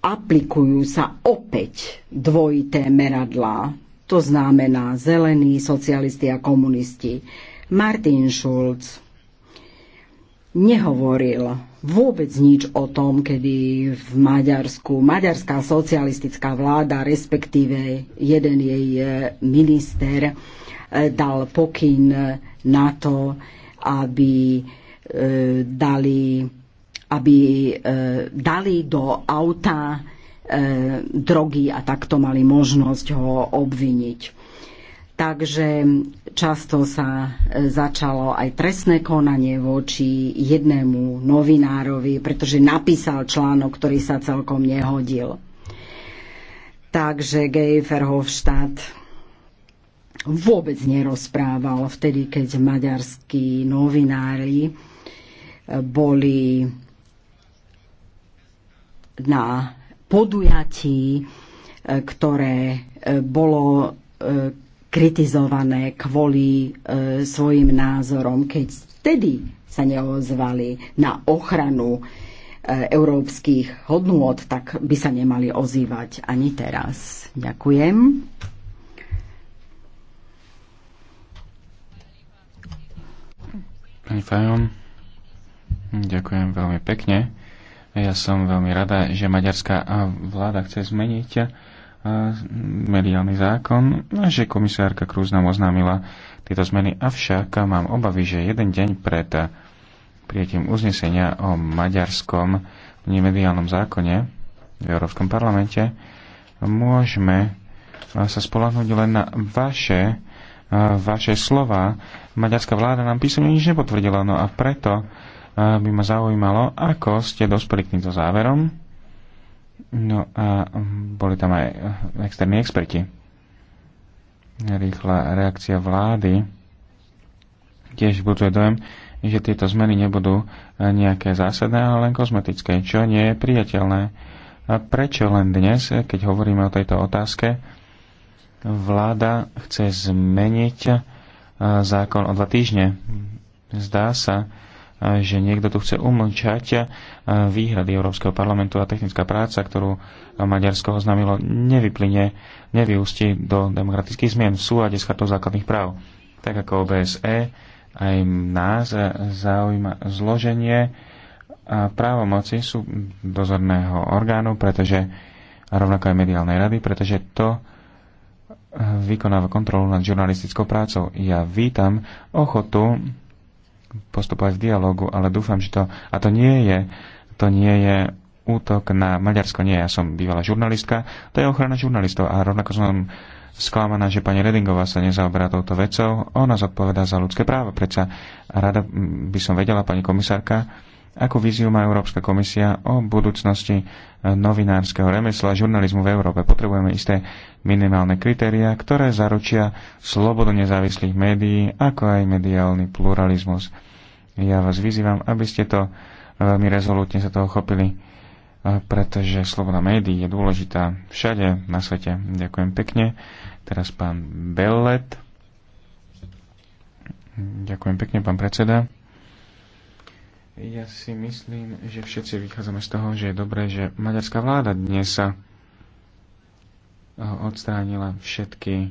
aplikujú sa opäť dvojité meradlá. To znamená zelení, socialisti a komunisti. Martin Schulz nehovoril vôbec nič o tom, kedy v Maďarsku maďarská socialistická vláda, respektíve jeden jej eh, minister, eh, dal pokyn eh, na to, aby dali, aby dali do auta drogy a takto mali možnosť ho obviniť. Takže často sa e, začalo aj trestné konanie voči jednému novinárovi, pretože napísal článok, ktorý sa celkom nehodil. Takže Gej Verhofstadt vôbec nerozprával vtedy, keď maďarskí novinári e, boli na podujatí, e, ktoré bolo kritizované kvôli e, svojim názorom, keď vtedy sa neozvali na ochranu e, európskych hodnôt, tak by sa nemali ozývať ani teraz. Ďakujem. Pani Fajon, ďakujem veľmi pekne. Ja som veľmi rada, že maďarská vláda chce zmeniť mediálny zákon, no, že komisárka Krúz nám oznámila tieto zmeny, avšak mám obavy, že jeden deň pred prijetím uznesenia o maďarskom nemediálnom zákone v Európskom parlamente môžeme sa spolahnuť len na vaše, vaše slova. Maďarská vláda nám písomne nič nepotvrdila, no a preto by ma zaujímalo, ako ste dospeli k týmto záverom No a boli tam aj externí experti. Rýchla reakcia vlády tiež buduje dojem, že tieto zmeny nebudú nejaké zásadné, ale len kozmetické, čo nie je priateľné. A prečo len dnes, keď hovoríme o tejto otázke, vláda chce zmeniť e, zákon o dva týždne? Zdá sa, že niekto tu chce umlčať eh, výhrady Európskeho parlamentu a technická práca, ktorú Maďarsko oznámilo, nevyplyne, nevyústi do demokratických zmien v súlade s chartou základných práv. Tak ako OBSE, aj nás zaujíma zloženie a právomoci sú dozorného orgánu, pretože a rovnako aj mediálnej rady, pretože to eh, vykonáva kontrolu nad žurnalistickou prácou. Ja vítam ochotu postupovať v dialogu, ale dúfam, že to... A to nie je, to nie je útok na Maďarsko. Nie, ja som bývalá žurnalistka, to je ochrana žurnalistov a rovnako som sklamaná, že pani Redingová sa nezaoberá touto vecou. Ona zodpovedá za ľudské práva, predsa rada by som vedela, pani komisárka, Akú víziu má Európska komisia o budúcnosti e, novinárskeho remesla, žurnalizmu v Európe? Potrebujeme isté minimálne kritéria, ktoré zaručia slobodu nezávislých médií, ako aj mediálny pluralizmus. Ja vás vyzývam, aby ste to e, veľmi rezolútne sa toho chopili, e, pretože sloboda médií je dôležitá všade na svete. Ďakujem pekne. Teraz pán Bellet. Ďakujem pekne, pán predseda. Ja si myslím, že všetci vychádzame z toho, že je dobré, že maďarská vláda dnes sa eh, odstránila všetky eh,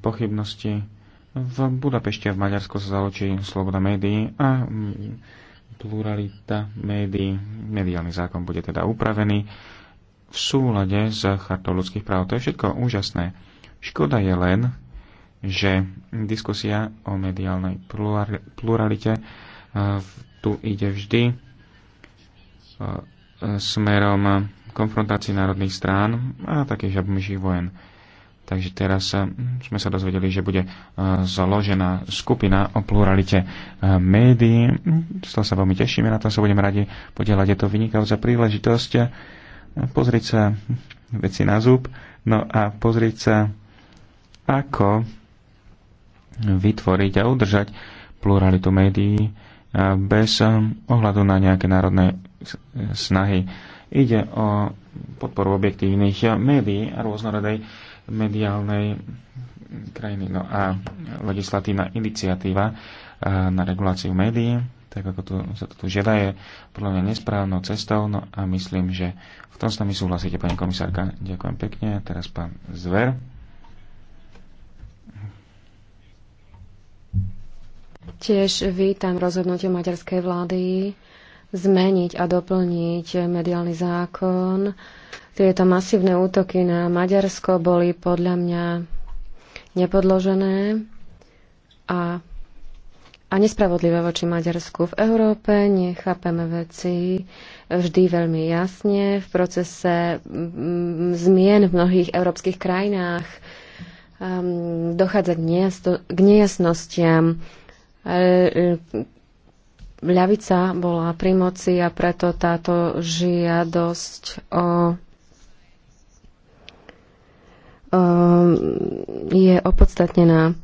pochybnosti. V Budapešti a v Maďarsku sa zaločí sloboda médií a mm, pluralita médií. Mediálny zákon bude teda upravený v súlade s chartou ľudských práv. To je všetko úžasné. Škoda je len, že diskusia o mediálnej pluralite eh, v tu ide vždy e, smerom konfrontácií národných strán a takých žabomyších vojen. Takže teraz e, sme sa dozvedeli, že bude e, založená skupina o pluralite médií. Z toho sa veľmi tešíme, na to sa budem radi podielať. Je to vynikajúca príležitosť pozrieť sa veci na zub, no a pozrieť sa, ako vytvoriť a udržať pluralitu médií bez um, ohľadu na nejaké národné snahy. Ide o podporu objektívnych um, médií a rôznorodej mediálnej krajiny. No a legislatívna iniciatíva uh, na reguláciu médií, tak ako tu, sa to tu žiada, je podľa mňa nesprávnou cestou. No a myslím, že v tom s nami súhlasíte, pani komisárka. Ďakujem pekne. teraz pán Zver. Tiež vítam rozhodnutie maďarskej vlády zmeniť a doplniť mediálny zákon. Tieto masívne útoky na Maďarsko boli podľa mňa nepodložené a, a nespravodlivé voči Maďarsku. V Európe nechápeme veci vždy veľmi jasne. V procese mm, zmien v mnohých európskych krajinách um, dochádza k, k nejasnostiam E, e, ľavica bola pri moci a preto táto žiadosť o, o je opodstatnená.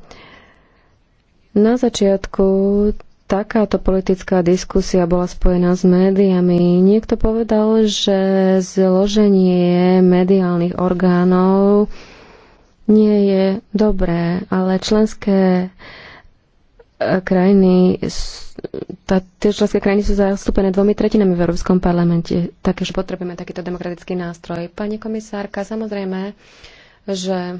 Na začiatku takáto politická diskusia bola spojená s médiami. Niekto povedal, že zloženie mediálnych orgánov nie je dobré, ale členské krajiny, tá, tie členské krajiny sú zastúpené dvomi tretinami v Európskom parlamente, takže potrebujeme takýto demokratický nástroj. Pani komisárka, samozrejme, že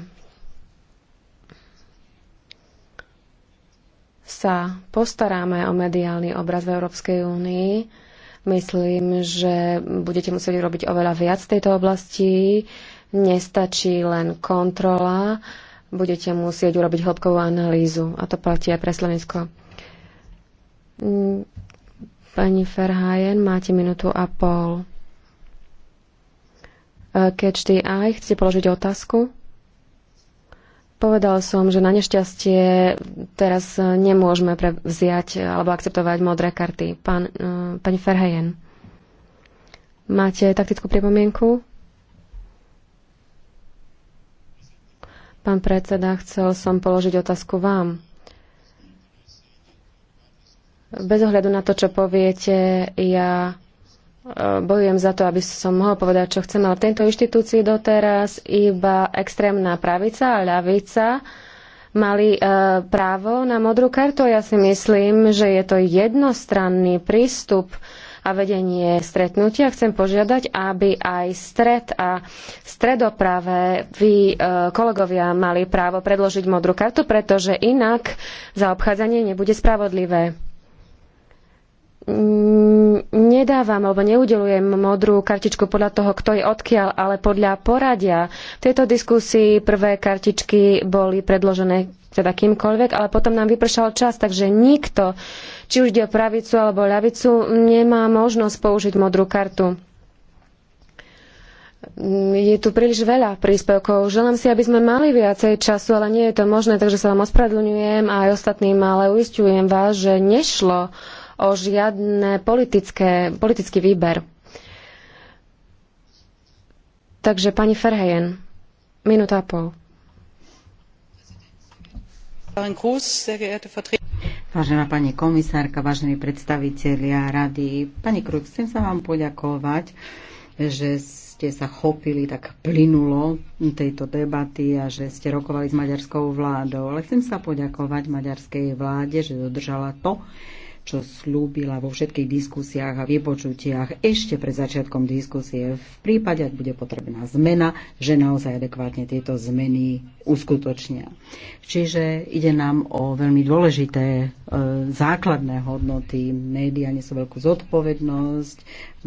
sa postaráme o mediálny obraz v Európskej únii. Myslím, že budete musieť robiť oveľa viac v tejto oblasti. Nestačí len kontrola, budete musieť urobiť hĺbkovú analýzu. A to platí aj pre Slovensko. Pani Ferhajen, máte minútu a pol. Keď ty aj chcete položiť otázku? Povedal som, že na nešťastie teraz nemôžeme prevziať alebo akceptovať modré karty. Pán, e, pani Ferhajen, máte taktickú pripomienku? Pán predseda, chcel som položiť otázku vám. Bez ohľadu na to, čo poviete, ja e, bojujem za to, aby som mohol povedať, čo chcem, ale v tejto inštitúcii doteraz iba extrémna pravica a ľavica mali e, právo na modrú kartu. Ja si myslím, že je to jednostranný prístup a vedenie stretnutia. Chcem požiadať, aby aj stred a stredoprave vy, e, kolegovia, mali právo predložiť modrú kartu, pretože inak zaobchádzanie nebude spravodlivé nedávam alebo neudelujem modrú kartičku podľa toho, kto je odkiaľ, ale podľa poradia. V tejto diskusii prvé kartičky boli predložené teda kýmkoľvek, ale potom nám vypršal čas, takže nikto či už ide o pravicu alebo ľavicu, nemá možnosť použiť modrú kartu. Je tu príliš veľa príspevkov. Želám si, aby sme mali viacej času, ale nie je to možné, takže sa vám ospravedlňujem a aj ostatným, ale uistujem vás, že nešlo o žiadne politické, politický výber. Takže pani Ferhejen, minúta a pol. Vážená pani komisárka, vážení predstavitelia rady, pani Kruk, chcem sa vám poďakovať, že ste sa chopili tak plynulo tejto debaty a že ste rokovali s maďarskou vládou. Ale chcem sa poďakovať maďarskej vláde, že dodržala to, čo slúbila vo všetkých diskusiách a vypočutiach ešte pred začiatkom diskusie v prípade, ak bude potrebná zmena, že naozaj adekvátne tieto zmeny uskutočnia. Čiže ide nám o veľmi dôležité e, základné hodnoty. Média nesú veľkú zodpovednosť,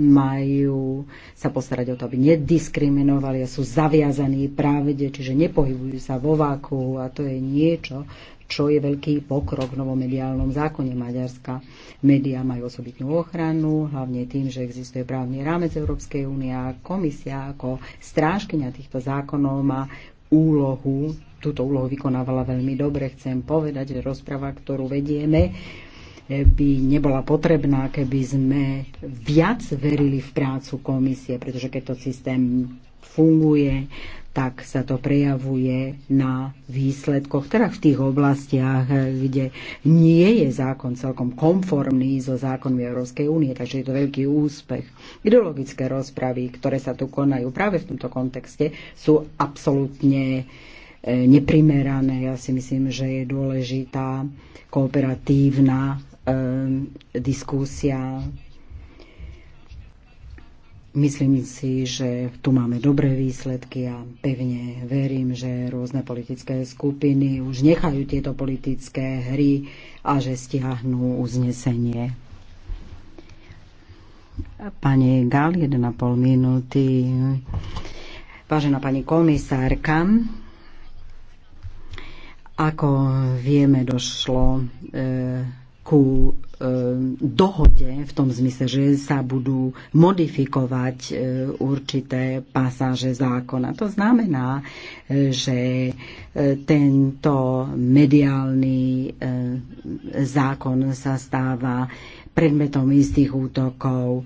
majú sa postarať o to, aby nediskriminovali a sú zaviazaní pravde, čiže nepohybujú sa vo váku a to je niečo, čo je veľký pokrok v novom mediálnom zákone Maďarska. media majú osobitnú ochranu, hlavne tým, že existuje právny rámec Európskej únie a komisia ako strážkynia týchto zákonov má úlohu, túto úlohu vykonávala veľmi dobre. Chcem povedať, že rozpráva, ktorú vedieme, eh, by nebola potrebná, keby sme viac verili v prácu komisie, pretože keď to systém funguje, tak sa to prejavuje na výsledkoch, teda v tých oblastiach, eh, kde nie je zákon celkom konformný so zákonmi Európskej únie, takže je to veľký úspech. Ideologické rozpravy, ktoré sa tu konajú práve v tomto kontexte, sú absolútne eh, neprimerané. Ja si myslím, že je dôležitá kooperatívna eh, diskusia Myslím si, že tu máme dobré výsledky a pevne verím, že rôzne politické skupiny už nechajú tieto politické hry a že stiahnu uznesenie. Pani Gal, 1,5 minúty. Vážená pani komisárka, ako vieme, došlo e, ku eh, dohode v tom zmysle, že sa budú modifikovať eh, určité pasáže zákona. To znamená, eh, že tento mediálny zákon sa stáva predmetom istých útokov.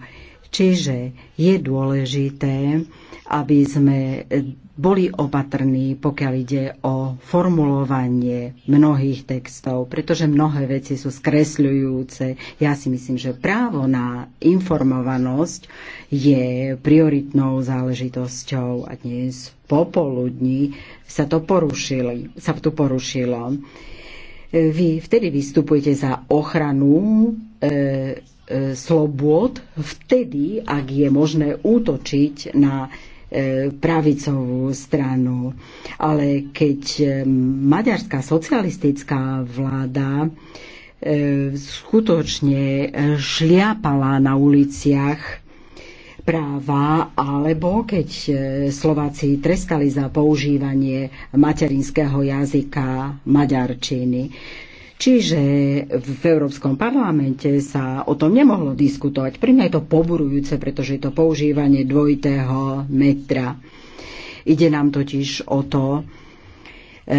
Čiže je dôležité, aby sme boli opatrní, pokiaľ ide o formulovanie mnohých textov, pretože mnohé veci sú skresľujúce. Ja si myslím, že právo na informovanosť je prioritnou záležitosťou a dnes popoludní sa to porušili, sa tu porušilo. Vy vtedy vystupujete za ochranu e, e, slobôd, vtedy, ak je možné útočiť na E, pravicovú stranu. Ale keď e, maďarská socialistická vláda e, skutočne šliapala na uliciach práva, alebo keď Slováci trestali za používanie materinského jazyka maďarčiny. Čiže v Európskom parlamente sa o tom nemohlo diskutovať. Pre mňa je to poburujúce, pretože je to používanie dvojitého metra. Ide nám totiž o to, e, e,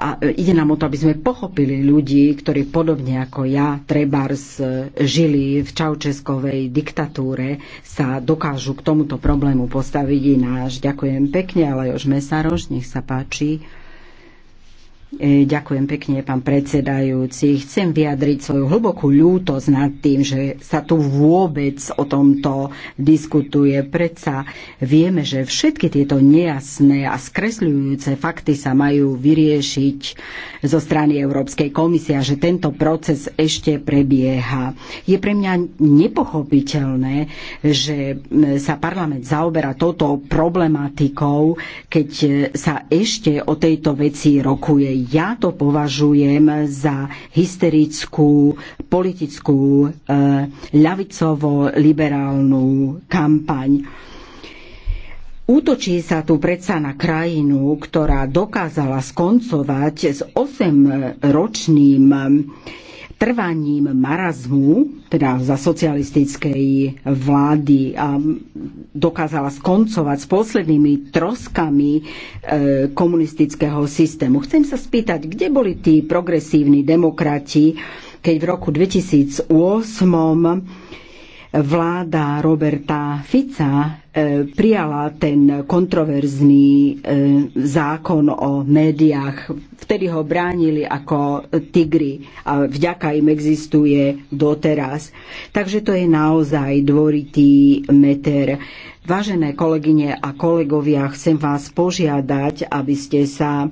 a ide nám o to, aby sme pochopili ľudí, ktorí podobne ako ja, Trebars, žili v čaučeskovej diktatúre, sa dokážu k tomuto problému postaviť ináš. Ďakujem pekne, ale už Mesaroš, nech sa páči. E, ďakujem pekne, pán predsedajúci. Chcem vyjadriť svoju hlbokú ľútosť nad tým, že sa tu vôbec o tomto diskutuje. Predsa vieme, že všetky tieto nejasné a skresľujúce fakty sa majú vyriešiť zo strany Európskej komisie a že tento proces ešte prebieha. Je pre mňa nepochopiteľné, že sa parlament zaoberá touto problematikou, keď sa ešte o tejto veci rokuje ja to považujem za hysterickú politickú eh, ľavicovo-liberálnu kampaň. Útočí sa tu predsa na krajinu, ktorá dokázala skoncovať s 8-ročným trvaním marazmu, teda za socialistickej vlády a dokázala skoncovať s poslednými troskami e, komunistického systému. Chcem sa spýtať, kde boli tí progresívni demokrati, keď v roku 2008 vláda Roberta Fica E, prijala ten kontroverzný e, zákon o médiách. Vtedy ho bránili ako tigri a vďaka im existuje doteraz. Takže to je naozaj dvoritý meter. Vážené kolegyne a kolegovia, chcem vás požiadať, aby ste sa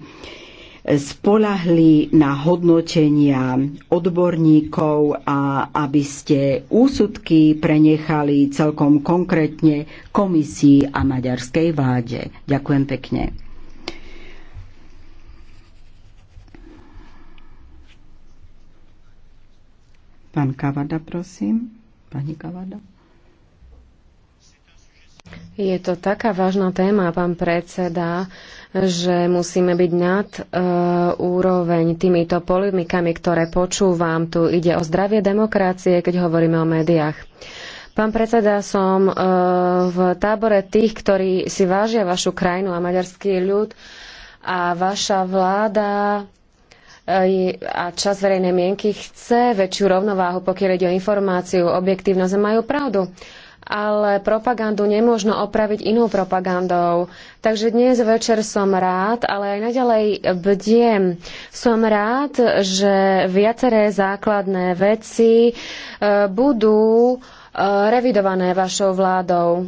spolahli na hodnotenia odborníkov a aby ste úsudky prenechali celkom konkrétne komisii a maďarskej vláde. Ďakujem pekne. Pán Kavada, prosím. Pani Kavada. Je to taká vážna téma, pán predseda, že musíme byť nad e, úroveň týmito polemikami, ktoré počúvam. Tu ide o zdravie demokracie, keď hovoríme o médiách. Pán predseda, som e, v tábore tých, ktorí si vážia vašu krajinu a maďarský ľud a vaša vláda e, a čas verejnej mienky chce väčšiu rovnováhu, pokiaľ ide o informáciu, objektívnosť a majú pravdu ale propagandu nemôžno opraviť inou propagandou. Takže dnes večer som rád, ale aj naďalej bdiem. Som rád, že viaceré základné veci e, budú e, revidované vašou vládou e,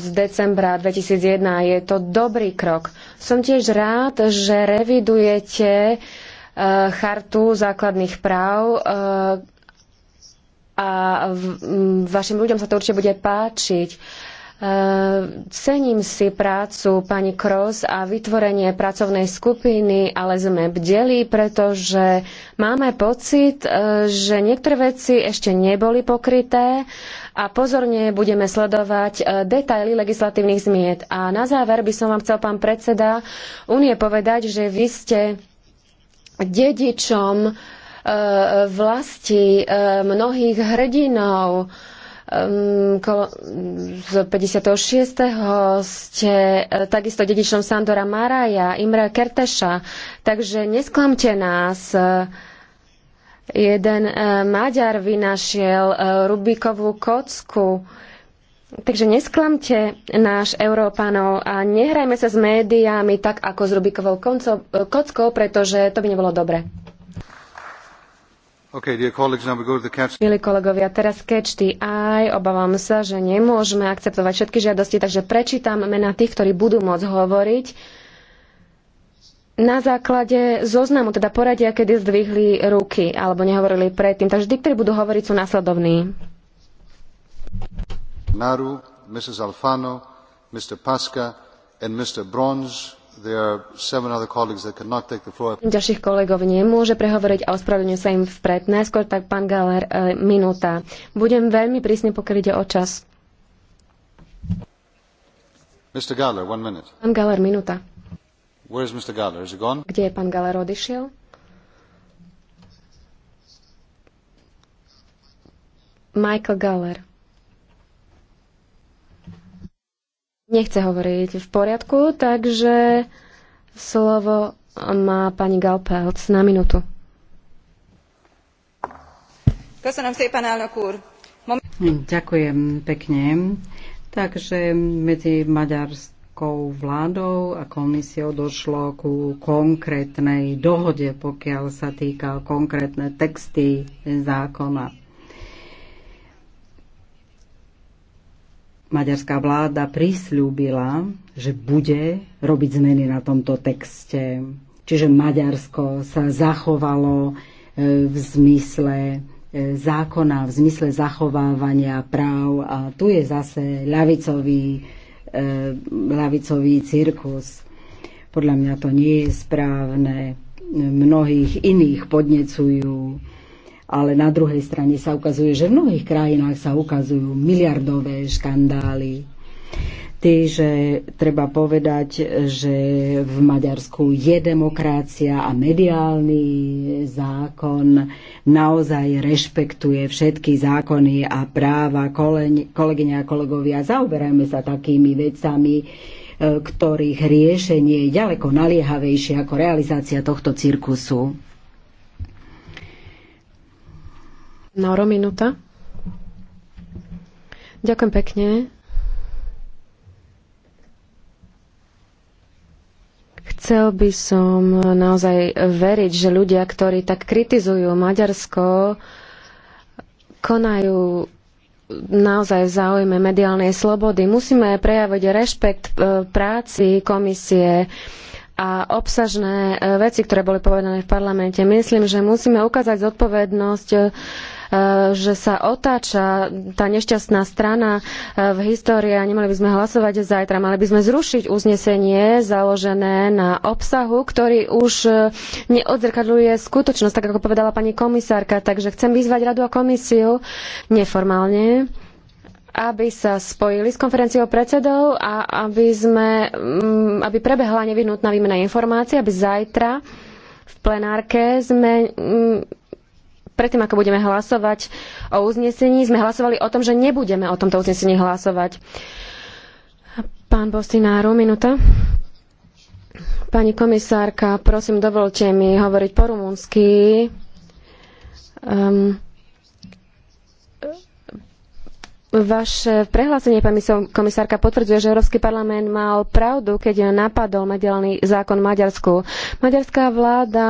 z decembra 2001. Je to dobrý krok. Som tiež rád, že revidujete chartu základných práv, a vašim ľuďom sa to určite bude páčiť. E, cením si prácu pani Kroos a vytvorenie pracovnej skupiny, ale sme bdeli, pretože máme pocit, e, že niektoré veci ešte neboli pokryté a pozorne budeme sledovať e, detaily legislatívnych zmien. A na záver by som vám chcel, pán predseda unie povedať, že vy ste dedičom Eh, vlasti eh, mnohých hrdinov. Z 56. ste eh, takisto dedičom Sandora Maraja, Imre Kerteša. Takže nesklamte nás. Jeden Maďar vynašiel Rubikovú kocku. Takže nesklamte náš Európanov a nehrajme sa s médiami tak ako s Rubikovou koncov, kockou, pretože to by nebolo dobre. Milí kolegovia, teraz catch the eye. Obávam sa, že nemôžeme akceptovať všetky žiadosti, takže prečítam mena tých, ktorí budú môcť hovoriť. Na základe zoznamu, teda poradia, kedy zdvihli ruky alebo nehovorili predtým. Takže tí, ktorí budú hovoriť, sú následovní. Naru, Mrs. Alfano, Mr. Pasca and Mr. Bronze Ďalších kolegov nemôže prehovoriť a ospravedlňujem sa im vpred. Najskôr tak, pán Galer, e, minúta. Budem veľmi prísny, pokiaľ ide o čas. Mr. Galler, one minute. Pán Galler, minúta. Where is Mr. Galler? Is he gone? Kde je pán Galler? Odišiel? Michael Galler. Nechce hovoriť v poriadku, takže slovo má pani Galpelc na minútu. Ďakujem pekne. Takže medzi maďarskou vládou a komisiou došlo ku konkrétnej dohode, pokiaľ sa týka konkrétne texty zákona. maďarská vláda prislúbila, že bude robiť zmeny na tomto texte. Čiže Maďarsko sa zachovalo e, v zmysle e, zákona, v zmysle zachovávania práv a tu je zase ľavicový, e, ľavicový cirkus. Podľa mňa to nie je správne. Mnohých iných podnecujú ale na druhej strane sa ukazuje, že v mnohých krajinách sa ukazujú miliardové škandály. že treba povedať, že v Maďarsku je demokracia a mediálny zákon naozaj rešpektuje všetky zákony a práva. Kolegyne a kolegovia, zaoberajme sa takými vecami, e, ktorých riešenie je ďaleko naliehavejšie ako realizácia tohto cirkusu. Noro, minúta. Ďakujem pekne. Chcel by som naozaj veriť, že ľudia, ktorí tak kritizujú Maďarsko, konajú naozaj v záujme mediálnej slobody. Musíme prejaviť rešpekt e, práci komisie a obsažné e, veci, ktoré boli povedané v parlamente. Myslím, že musíme ukázať zodpovednosť e, že sa otáča tá nešťastná strana e, v histórii a nemali by sme hlasovať zajtra. Mali by sme zrušiť uznesenie založené na obsahu, ktorý už e, neodzrkadľuje skutočnosť, tak ako povedala pani komisárka. Takže chcem vyzvať radu a komisiu neformálne aby sa spojili s konferenciou predsedov a aby, sme, mm, aby prebehla nevyhnutná výmena informácií, aby zajtra v plenárke sme mm, predtým, ako budeme hlasovať o uznesení, sme hlasovali o tom, že nebudeme o tomto uznesení hlasovať. Pán Bostináru, minúta. Pani komisárka, prosím, dovolte mi hovoriť po rumúnsky. Um, ehm, Vaše prehlásenie, pani komisárka, potvrdzuje, že Európsky parlament mal pravdu, keď napadol mediálny zákon v Maďarsku. Maďarská vláda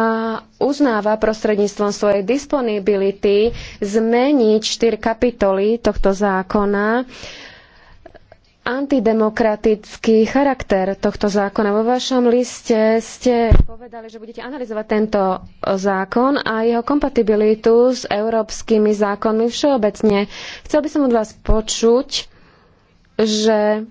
uznáva prostredníctvom svojej disponibility zmeniť štyri kapitoly tohto zákona antidemokratický charakter tohto zákona. Vo vašom liste ste povedali, že budete analyzovať tento zákon a jeho kompatibilitu s európskymi zákonmi všeobecne. Chcel by som od vás počuť, že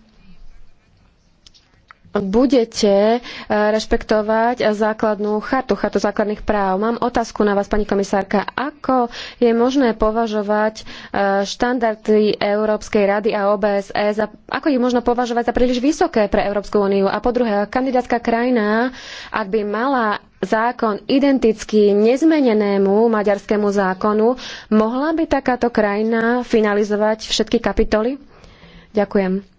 budete e, rešpektovať základnú chartu, chartu základných práv. Mám otázku na vás, pani komisárka. Ako je možné považovať e, štandardy Európskej rady a OBSE, za, ako ich možno považovať za príliš vysoké pre Európsku úniu? A po druhé, kandidátska krajina, ak by mala zákon identický nezmenenému maďarskému zákonu, mohla by takáto krajina finalizovať všetky kapitoly? Ďakujem.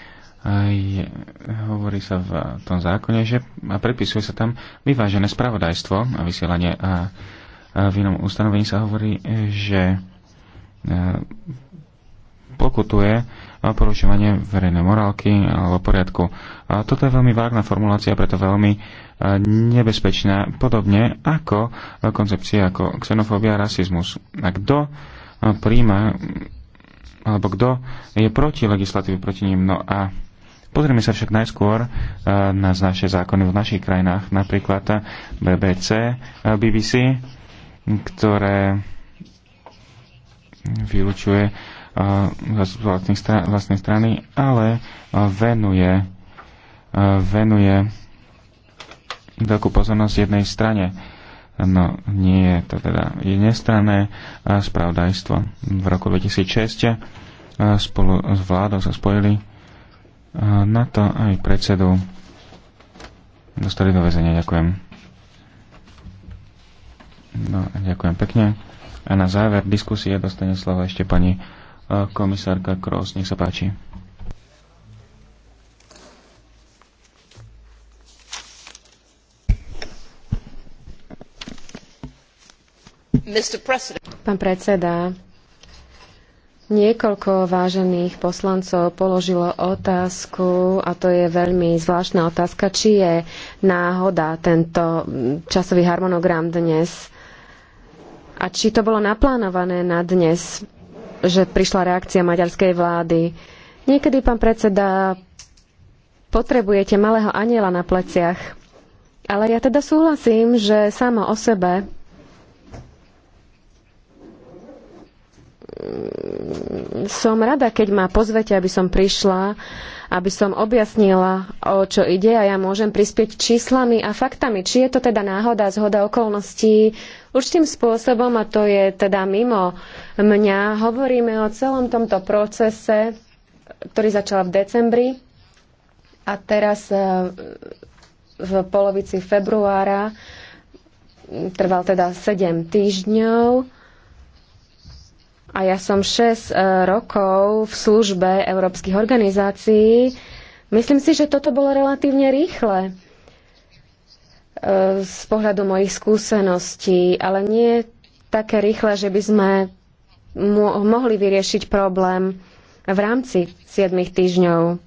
aj hovorí sa v tom zákone, že a predpisuje sa tam vyvážené spravodajstvo a vysielanie a, a v inom ustanovení sa hovorí, že e, pokutuje porušovanie verejnej morálky alebo poriadku. A toto je veľmi vágna formulácia, preto veľmi e, nebezpečná, podobne ako koncepcia ako xenofóbia a rasizmus. A kto e, príjma alebo kto je proti legislatíve proti ním. No a Pozrieme sa však najskôr e, na naše zákony v našich krajinách, napríklad e, BBC, e, BBC, ktoré vylučuje vlastnej, vlastnej strany, ale venuje, venuje veľkú pozornosť jednej strane. No, nie je to teda je strané spravodajstvo. V roku 2006 spolu s vládou sa spojili na to aj predsedu dostali do väzenia. Ďakujem. No, ďakujem pekne. A na záver diskusie dostane slovo ešte pani e, komisárka Kroos. Nech sa páči. Pán predseda, Niekoľko vážených poslancov položilo otázku, a to je veľmi zvláštna otázka, či je náhoda tento časový harmonogram dnes a či to bolo naplánované na dnes, že prišla reakcia maďarskej vlády. Niekedy, pán predseda, potrebujete malého aniela na pleciach. Ale ja teda súhlasím, že samo o sebe som rada, keď ma pozvete, aby som prišla, aby som objasnila, o čo ide a ja môžem prispieť číslami a faktami. Či je to teda náhoda, zhoda okolností, určitým spôsobom, a to je teda mimo mňa, hovoríme o celom tomto procese, ktorý začal v decembri a teraz e, v polovici februára trval teda 7 týždňov a ja som 6 e, rokov v službe európskych organizácií, myslím si, že toto bolo relatívne rýchle e, z pohľadu mojich skúseností, ale nie také rýchle, že by sme mohli vyriešiť problém v rámci 7 týždňov.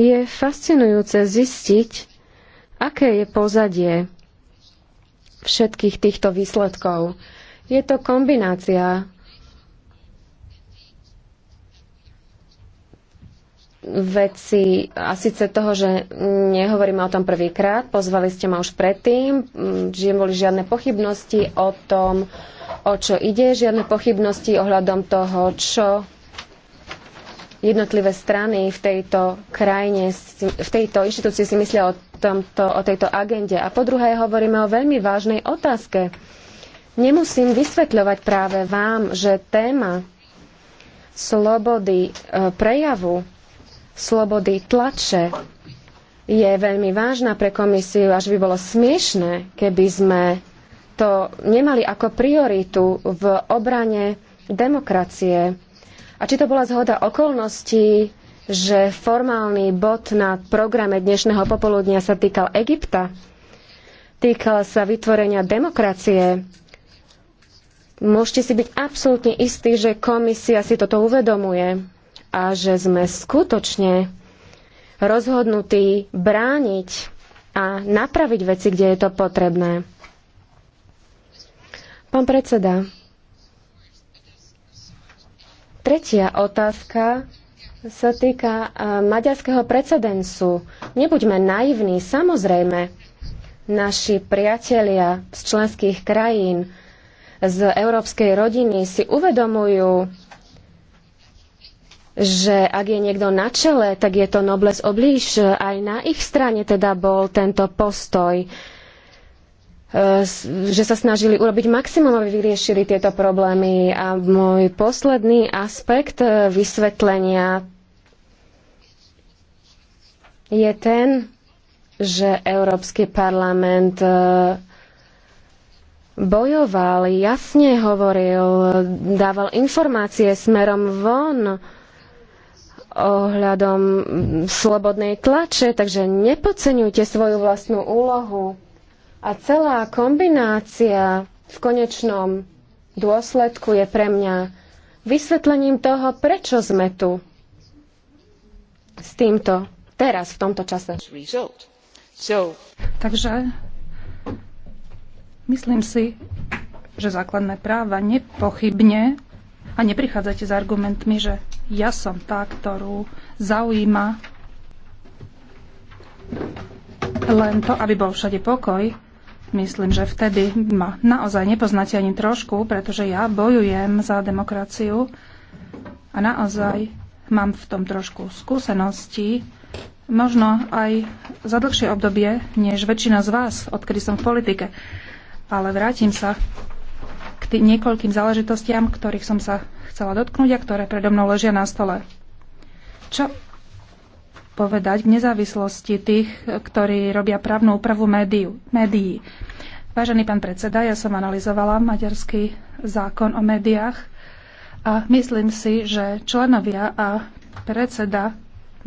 Je fascinujúce zistiť, aké je pozadie všetkých týchto výsledkov. Je to kombinácia veci a síce toho, že nehovoríme o tom prvýkrát, pozvali ste ma už predtým, že boli žiadne pochybnosti o tom, o čo ide, žiadne pochybnosti ohľadom toho, čo jednotlivé strany v tejto krajine, v tejto inštitúcii si myslia o, tomto, o tejto agende. A po druhé hovoríme o veľmi vážnej otázke Nemusím vysvetľovať práve vám, že téma slobody e, prejavu, slobody tlače je veľmi vážna pre komisiu, až by bolo smiešné, keby sme to nemali ako prioritu v obrane demokracie. A či to bola zhoda okolností, že formálny bod na programe dnešného popoludnia sa týkal Egypta, týkal sa vytvorenia demokracie Môžete si byť absolútne istí, že komisia si toto uvedomuje a že sme skutočne rozhodnutí brániť a napraviť veci, kde je to potrebné. Pán predseda, tretia otázka sa týka e, maďarského precedensu. Nebuďme naivní, samozrejme. Naši priatelia z členských krajín z európskej rodiny si uvedomujú, že ak je niekto na čele, tak je to nobles oblíž. Aj na ich strane teda bol tento postoj, e, že sa snažili urobiť maximum, aby vyriešili tieto problémy. A môj posledný aspekt e, vysvetlenia je ten, že Európsky parlament e, bojoval, jasne hovoril, dával informácie smerom von ohľadom slobodnej tlače, takže nepodceňujte svoju vlastnú úlohu. A celá kombinácia v konečnom dôsledku je pre mňa vysvetlením toho, prečo sme tu s týmto teraz, v tomto čase. Takže Myslím si, že základné práva nepochybne a neprichádzate s argumentmi, že ja som tá, ktorú zaujíma len to, aby bol všade pokoj. Myslím, že vtedy ma naozaj nepoznáte ani trošku, pretože ja bojujem za demokraciu a naozaj mám v tom trošku skúsenosti, možno aj za dlhšie obdobie, než väčšina z vás, odkedy som v politike ale vrátim sa k tým niekoľkým záležitostiam, ktorých som sa chcela dotknúť a ktoré predo mnou ležia na stole. Čo povedať k nezávislosti tých, ktorí robia právnu úpravu médiu, médií? Vážený pán predseda, ja som analyzovala maďarský zákon o médiách a myslím si, že členovia a predseda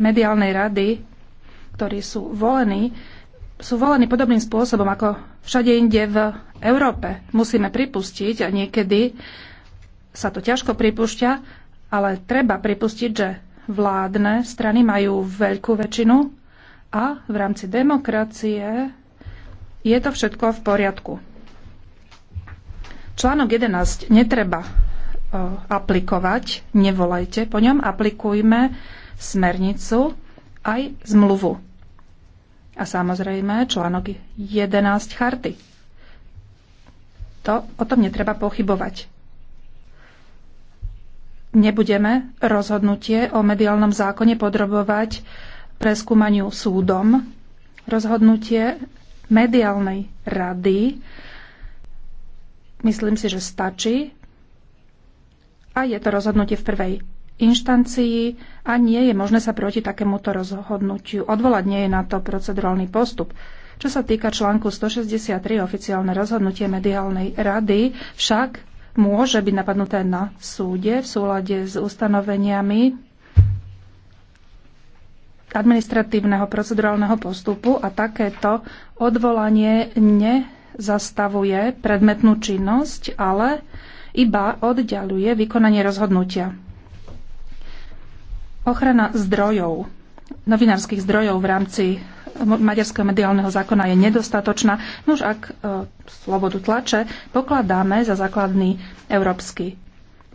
mediálnej rady, ktorí sú volení, sú volení podobným spôsobom ako všade inde v Európe. Musíme pripustiť, a niekedy sa to ťažko pripúšťa, ale treba pripustiť, že vládne strany majú veľkú väčšinu a v rámci demokracie je to všetko v poriadku. Článok 11 netreba e, aplikovať, nevolajte po ňom, aplikujme smernicu aj zmluvu a samozrejme článok 11 charty. To, o tom netreba pochybovať. Nebudeme rozhodnutie o mediálnom zákone podrobovať preskúmaniu súdom. Rozhodnutie mediálnej rady myslím si, že stačí a je to rozhodnutie v prvej inštancií a nie je možné sa proti takémuto rozhodnutiu odvolať. Nie je na to procedurálny postup. Čo sa týka článku 163 oficiálne rozhodnutie mediálnej rady, však môže byť napadnuté na súde v súlade s ustanoveniami administratívneho procedurálneho postupu a takéto odvolanie nezastavuje predmetnú činnosť, ale iba oddialuje vykonanie rozhodnutia. Ochrana zdrojov, novinárskych zdrojov v rámci eh, maďarského mediálneho zákona je nedostatočná. No už ak e, slobodu tlače pokladáme za základný európsky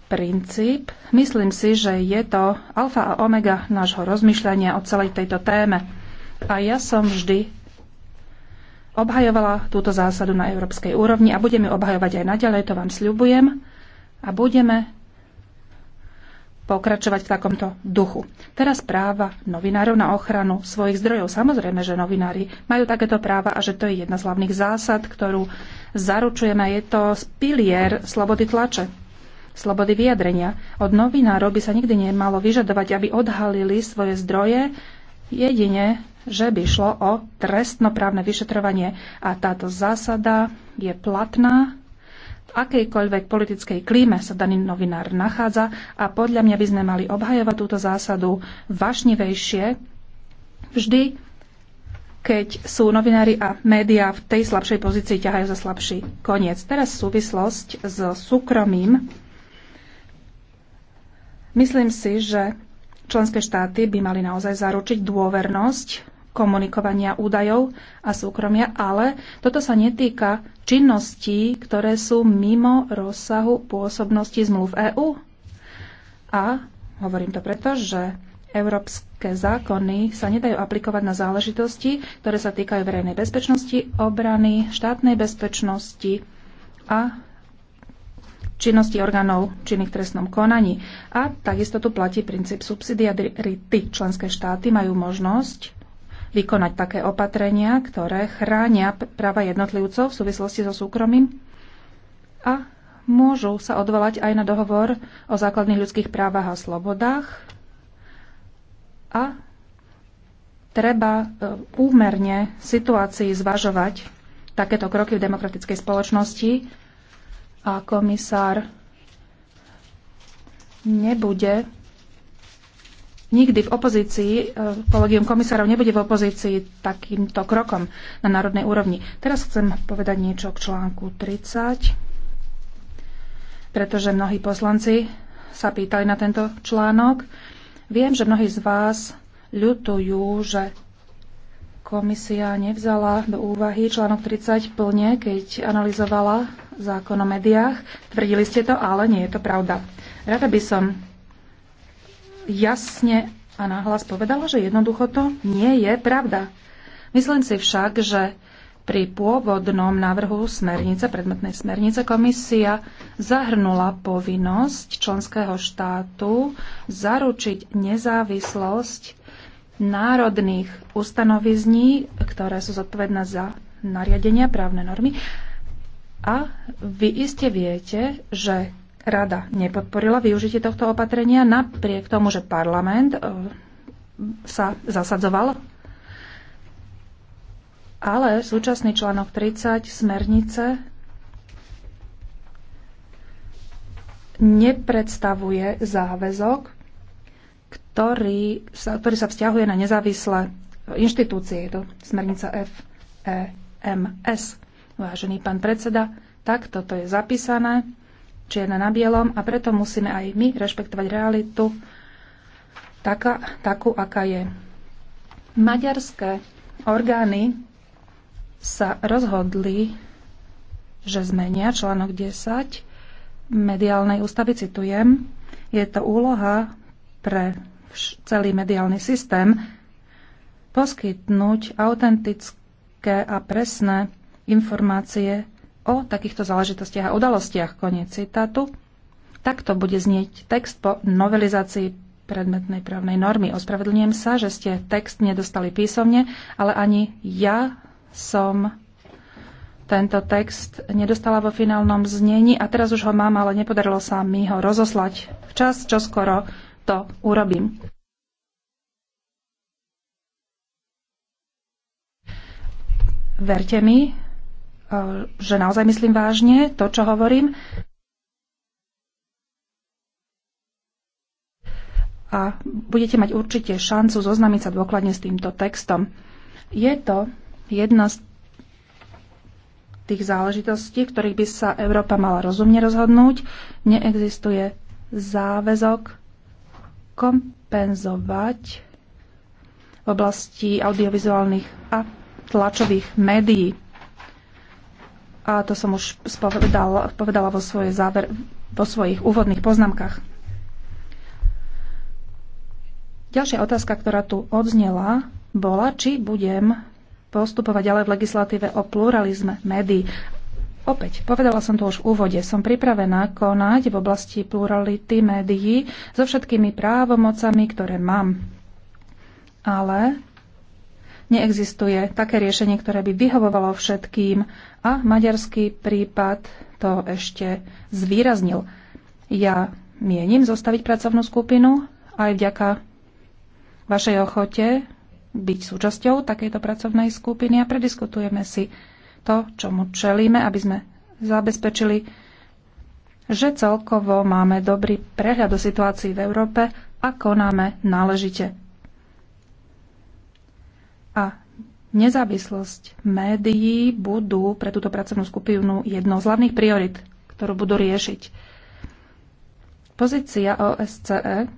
princíp, myslím si, že je to alfa a omega nášho rozmýšľania o celej tejto téme. A ja som vždy obhajovala túto zásadu na európskej úrovni a budeme obhajovať aj naďalej, to vám sľubujem. A budeme pokračovať v takomto duchu. Teraz práva novinárov na ochranu svojich zdrojov. Samozrejme, že novinári majú takéto práva a že to je jedna z hlavných zásad, ktorú zaručujeme. Je to pilier slobody tlače, slobody vyjadrenia. Od novinárov by sa nikdy nemalo vyžadovať, aby odhalili svoje zdroje, jedine, že by šlo o trestnoprávne vyšetrovanie. A táto zásada je platná akejkoľvek politickej klíme sa daný novinár nachádza a podľa mňa by sme mali obhajovať túto zásadu vašnivejšie vždy, keď sú novinári a médiá v tej slabšej pozícii ťahajú za slabší koniec. Teraz súvislosť s súkromím. Myslím si, že členské štáty by mali naozaj zaručiť dôvernosť komunikovania údajov a súkromia, ale toto sa netýka činností, ktoré sú mimo rozsahu pôsobnosti zmluv EÚ. A hovorím to preto, že európske zákony sa nedajú aplikovať na záležitosti, ktoré sa týkajú verejnej bezpečnosti, obrany, štátnej bezpečnosti a činnosti orgánov činných v trestnom konaní. A takisto tu platí princíp subsidiarity. Členské štáty majú možnosť vykonať také opatrenia, ktoré chránia práva jednotlivcov v súvislosti so súkromím a môžu sa odvolať aj na dohovor o základných ľudských právach a slobodách a treba e, úmerne situácii zvažovať takéto kroky v demokratickej spoločnosti a komisár nebude nikdy v opozícii, e, kolegium komisárov nebude v opozícii takýmto krokom na národnej úrovni. Teraz chcem povedať niečo k článku 30, pretože mnohí poslanci sa pýtali na tento článok. Viem, že mnohí z vás ľutujú, že komisia nevzala do úvahy článok 30 plne, keď analyzovala zákon o médiách. Tvrdili ste to, ale nie je to pravda. Rada by som jasne a nahlas povedala, že jednoducho to nie je pravda. Myslím si však, že pri pôvodnom návrhu smernice, predmetnej smernice, komisia zahrnula povinnosť členského štátu zaručiť nezávislosť národných ustanovizní, ktoré sú zodpovedné za nariadenia, právne normy. A vy iste viete, že Rada nepodporila využitie tohto opatrenia napriek tomu, že parlament e, sa zasadzoval. Ale súčasný článok 30 smernice nepredstavuje záväzok, ktorý sa, ktorý sa vzťahuje na nezávislé inštitúcie. Je to smernica FEMS. Vážený pán predseda, tak toto je zapísané čierne na bielom a preto musíme aj my rešpektovať realitu taká, takú, aká je. Maďarské orgány sa rozhodli, že zmenia článok 10 mediálnej ústavy, citujem, je to úloha pre celý mediálny systém poskytnúť autentické a presné informácie o takýchto záležitostiach a udalostiach. Koniec citátu. Takto bude znieť text po novelizácii predmetnej právnej normy. Ospravedlňujem sa, že ste text nedostali písomne, ale ani ja som tento text nedostala vo finálnom znení a teraz už ho mám, ale nepodarilo sa mi ho rozoslať včas, čo skoro to urobím. Verte mi, Eh, že naozaj myslím vážne to, čo hovorím. A budete mať určite šancu zoznamiť sa dôkladne s týmto textom. Je to jedna z tých záležitostí, v ktorých by sa Európa mala rozumne rozhodnúť. Neexistuje záväzok kompenzovať v oblasti audiovizuálnych a tlačových médií a to som už spovedal, povedala vo, svoje záver, vo svojich úvodných poznámkach. Ďalšia otázka, ktorá tu odznela, bola, či budem postupovať ďalej v legislatíve o pluralizme médií. Opäť, povedala som to už v úvode, som pripravená konať v oblasti plurality médií so všetkými právomocami, ktoré mám. Ale neexistuje také riešenie, ktoré by vyhovovalo všetkým a maďarský prípad to ešte zvýraznil. Ja mienim zostaviť pracovnú skupinu aj vďaka vašej ochote byť súčasťou takejto pracovnej skupiny a prediskutujeme si to, čomu čelíme, aby sme zabezpečili, že celkovo máme dobrý prehľad o situácii v Európe a konáme náležite a nezávislosť médií budú pre túto pracovnú skupinu jednou z hlavných priorit, ktorú budú riešiť. Pozícia OSCE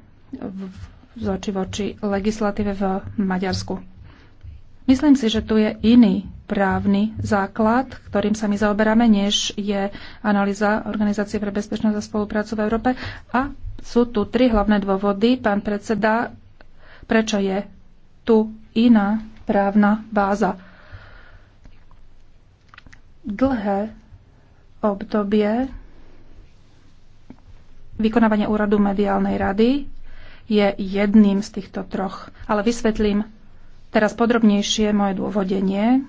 v oči legislatíve v Maďarsku. Myslím si, že tu je iný právny základ, ktorým sa my zaoberáme, než je analýza Organizácie pre bezpečnosť a spoluprácu v Európe. A sú tu tri hlavné dôvody, pán predseda, prečo je tu iná právna báza. Dlhé obdobie vykonávania úradu mediálnej rady je jedným z týchto troch. Ale vysvetlím teraz podrobnejšie moje dôvodenie,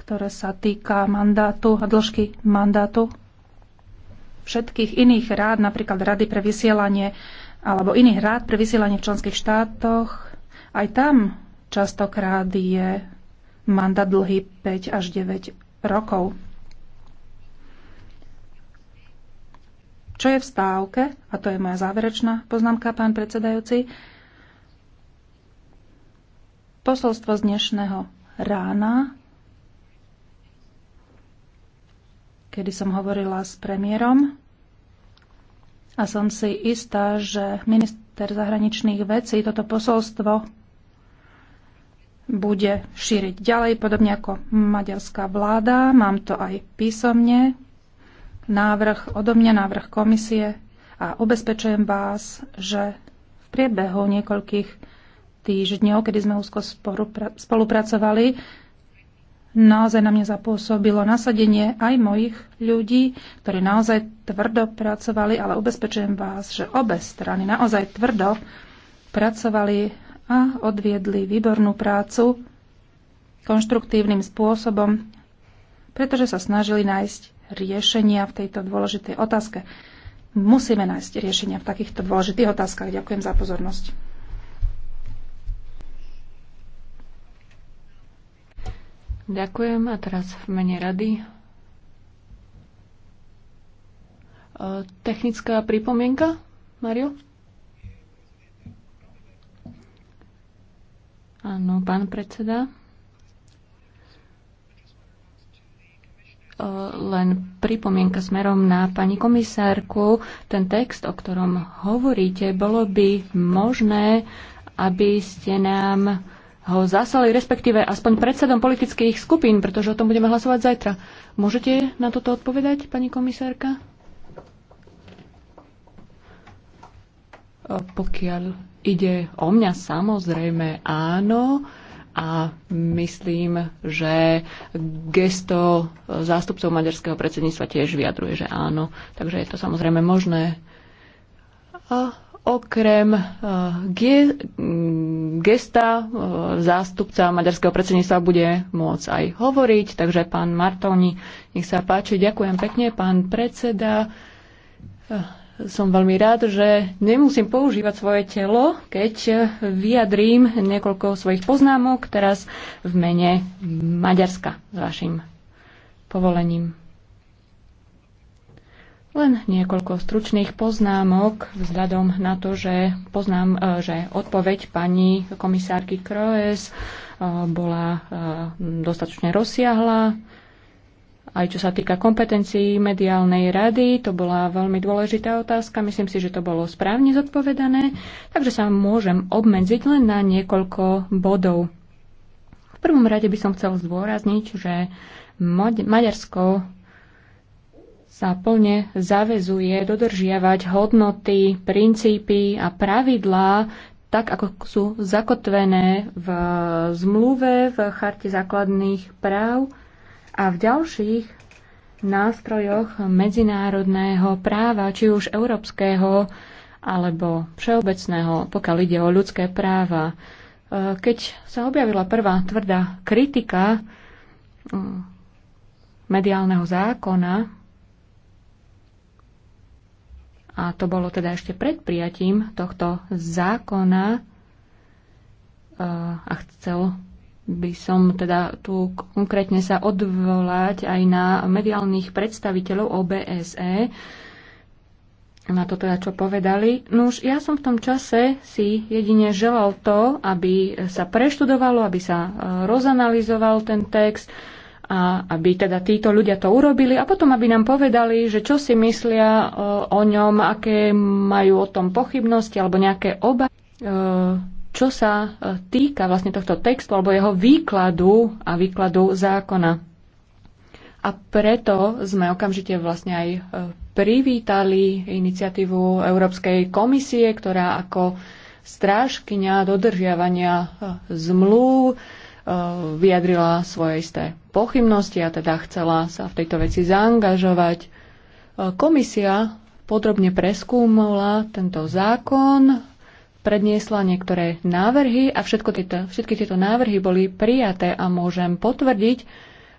ktoré sa týka mandátu a dĺžky mandátu všetkých iných rád, napríklad rady pre vysielanie alebo iných rád pre vysielanie v členských štátoch, aj tam častokrát je mandát dlhý 5 až 9 rokov. Čo je v stávke, a to je moja záverečná poznámka, pán predsedajúci, posolstvo z dnešného rána, kedy som hovorila s premiérom a som si istá, že minister zahraničných vecí toto posolstvo bude šíriť ďalej, podobne ako maďarská vláda. Mám to aj písomne. Návrh odo mňa, návrh komisie a ubezpečujem vás, že v priebehu niekoľkých týždňov, kedy sme úzko spolupracovali, naozaj na mňa zapôsobilo nasadenie aj mojich ľudí, ktorí naozaj tvrdo pracovali, ale ubezpečujem vás, že obe strany naozaj tvrdo pracovali a odviedli výbornú prácu konštruktívnym spôsobom, pretože sa snažili nájsť riešenia v tejto dôležitej otázke. Musíme nájsť riešenia v takýchto dôležitých otázkach. Ďakujem za pozornosť. Ďakujem a teraz v mene rady e, Technická pripomienka, Mario? Áno, pán predseda. Len pripomienka smerom na pani komisárku. Ten text, o ktorom hovoríte, bolo by možné, aby ste nám ho zaslali, respektíve aspoň predsedom politických skupín, pretože o tom budeme hlasovať zajtra. Môžete na toto odpovedať, pani komisárka? E, pokiaľ ide o mňa, samozrejme áno. A myslím, že gesto zástupcov maďarského predsedníctva tiež vyjadruje, že áno. Takže je to samozrejme možné. A okrem ge- gesta e, zástupca maďarského predsedníctva bude môcť aj hovoriť. Takže pán Martoni, nech sa páči. Ďakujem pekne, pán predseda. E, som veľmi rád, že nemusím používať svoje telo, keď vyjadrím niekoľko svojich poznámok teraz v mene Maďarska s vašim povolením. Len niekoľko stručných poznámok vzhľadom na to, že poznám, e, že odpoveď pani komisárky Kroes e, bola e, dostatočne rozsiahla aj čo sa týka kompetencií mediálnej rady. To bola veľmi dôležitá otázka. Myslím si, že to bolo správne zodpovedané, takže sa môžem obmedziť len na niekoľko bodov. V prvom rade by som chcel zdôrazniť, že Maďarsko sa plne zavezuje dodržiavať hodnoty, princípy a pravidlá tak, ako sú zakotvené v zmluve, v charte základných práv a v ďalších nástrojoch medzinárodného práva, či už európskeho alebo všeobecného, pokiaľ ide o ľudské práva. E, keď sa objavila prvá tvrdá kritika mm, mediálneho zákona, a to bolo teda ešte pred prijatím tohto zákona, e, a chcel by som teda tu konkrétne sa odvolať aj na mediálnych predstaviteľov OBSE, na to teda, čo povedali. No už ja som v tom čase si jedine želal to, aby sa preštudovalo, aby sa e, rozanalizoval ten text a aby teda títo ľudia to urobili a potom aby nám povedali, že čo si myslia e, o ňom, aké majú o tom pochybnosti alebo nejaké obavy e, čo sa e, týka vlastne tohto textu alebo jeho výkladu a výkladu zákona. A preto sme okamžite vlastne aj e, privítali iniciatívu Európskej komisie, ktorá ako strážkyňa dodržiavania e, zmluv vyjadrila svoje isté pochybnosti a teda chcela sa v tejto veci zaangažovať. Komisia podrobne preskúmala tento zákon, predniesla niektoré návrhy a všetko tieto, všetky tieto návrhy boli prijaté a môžem potvrdiť,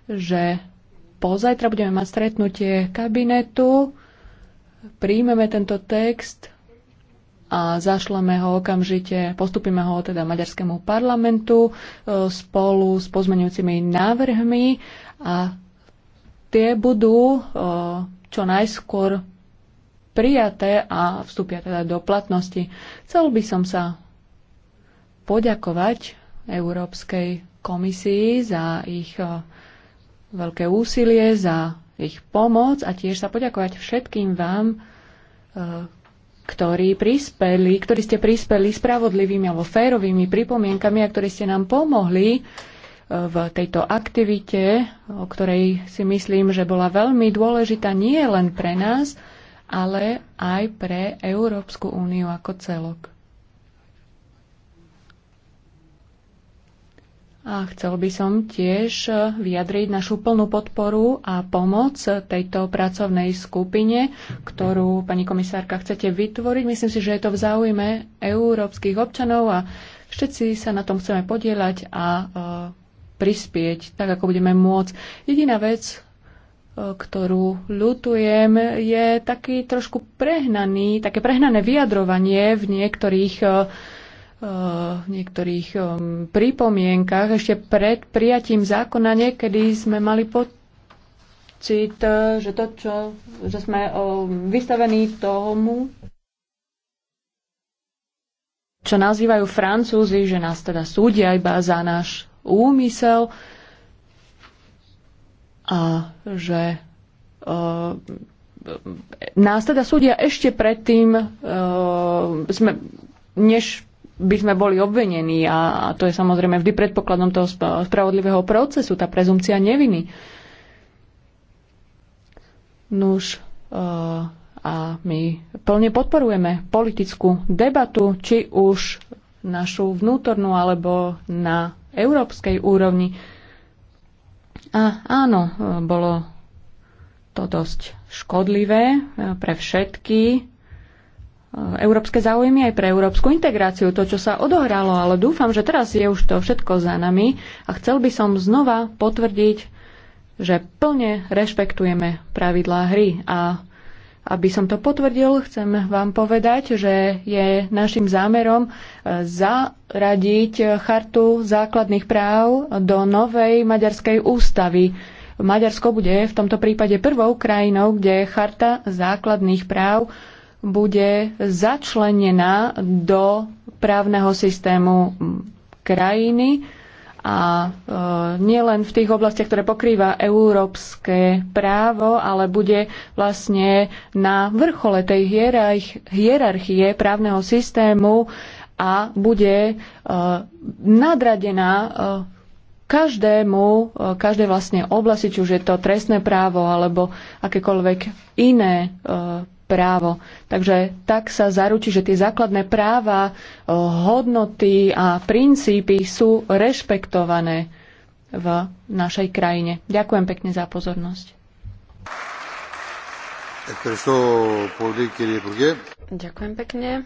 že pozajtra budeme mať stretnutie kabinetu, príjmeme tento text a zašleme ho okamžite, postupíme ho teda maďarskému parlamentu e, spolu s pozmenujúcimi návrhmi a tie budú e, čo najskôr prijaté a vstúpia teda do platnosti. Chcel by som sa poďakovať Európskej komisii za ich eh, veľké úsilie, za ich pomoc a tiež sa poďakovať všetkým vám, eh, ktorí prispeli, ktorí ste prispeli spravodlivými alebo férovými pripomienkami a ktorí ste nám pomohli eh, v tejto aktivite, o ktorej si myslím, že bola veľmi dôležitá nie len pre nás, ale aj pre Európsku úniu ako celok. A chcel by som tiež vyjadriť našu plnú podporu a pomoc tejto pracovnej skupine, ktorú, pani komisárka, chcete vytvoriť. Myslím si, že je to v záujme európskych občanov a všetci sa na tom chceme podielať a e, prispieť tak, ako budeme môcť. Jediná vec, ktorú ľutujem, je taký trošku prehnaný, také prehnané vyjadrovanie v niektorých eh, v niektorých eh, pripomienkach ešte pred prijatím zákona niekedy sme mali pocit, eh, že to, čo, že sme vystavení tomu, čo nazývajú Francúzi, že nás teda súdia iba za náš úmysel, a že e, nás teda súdia ešte predtým, e, sme, než by sme boli obvinení a, to je samozrejme vždy predpokladom toho spravodlivého procesu, tá prezumcia neviny. Nuž, e, a my plne podporujeme politickú debatu, či už našu vnútornú alebo na európskej úrovni a áno, e, bolo to dosť škodlivé e, pre všetky e, európske záujmy aj pre európsku integráciu, to, čo sa odohralo, ale dúfam, že teraz je už to všetko za nami a chcel by som znova potvrdiť, že plne rešpektujeme pravidlá hry a aby som to potvrdil, chcem vám povedať, že je našim zámerom eh, zaradiť chartu základných práv do novej maďarskej ústavy. Maďarsko bude v tomto prípade prvou krajinou, kde charta základných práv bude začlenená do právneho systému krajiny a e, nielen v tých oblastiach, ktoré pokrýva európske právo, ale bude vlastne na vrchole tej hierarchie právneho systému a bude e, nadradená e, každému, každej vlastne oblasti, či už je to trestné právo alebo akékoľvek iné právo. Takže tak sa zaručí, že tie základné práva, eh, hodnoty a princípy sú rešpektované v našej krajine. Ďakujem pekne za pozornosť. Ďakujem pekne.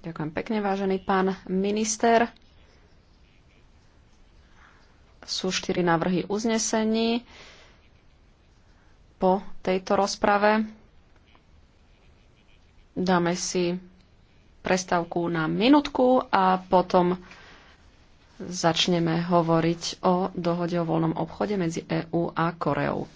Ďakujem pekne, vážený pán minister. Sú štyri návrhy uznesení po tejto rozprave. Dáme si prestávku na minutku a potom začneme hovoriť o dohode o voľnom obchode medzi EÚ a Koreou.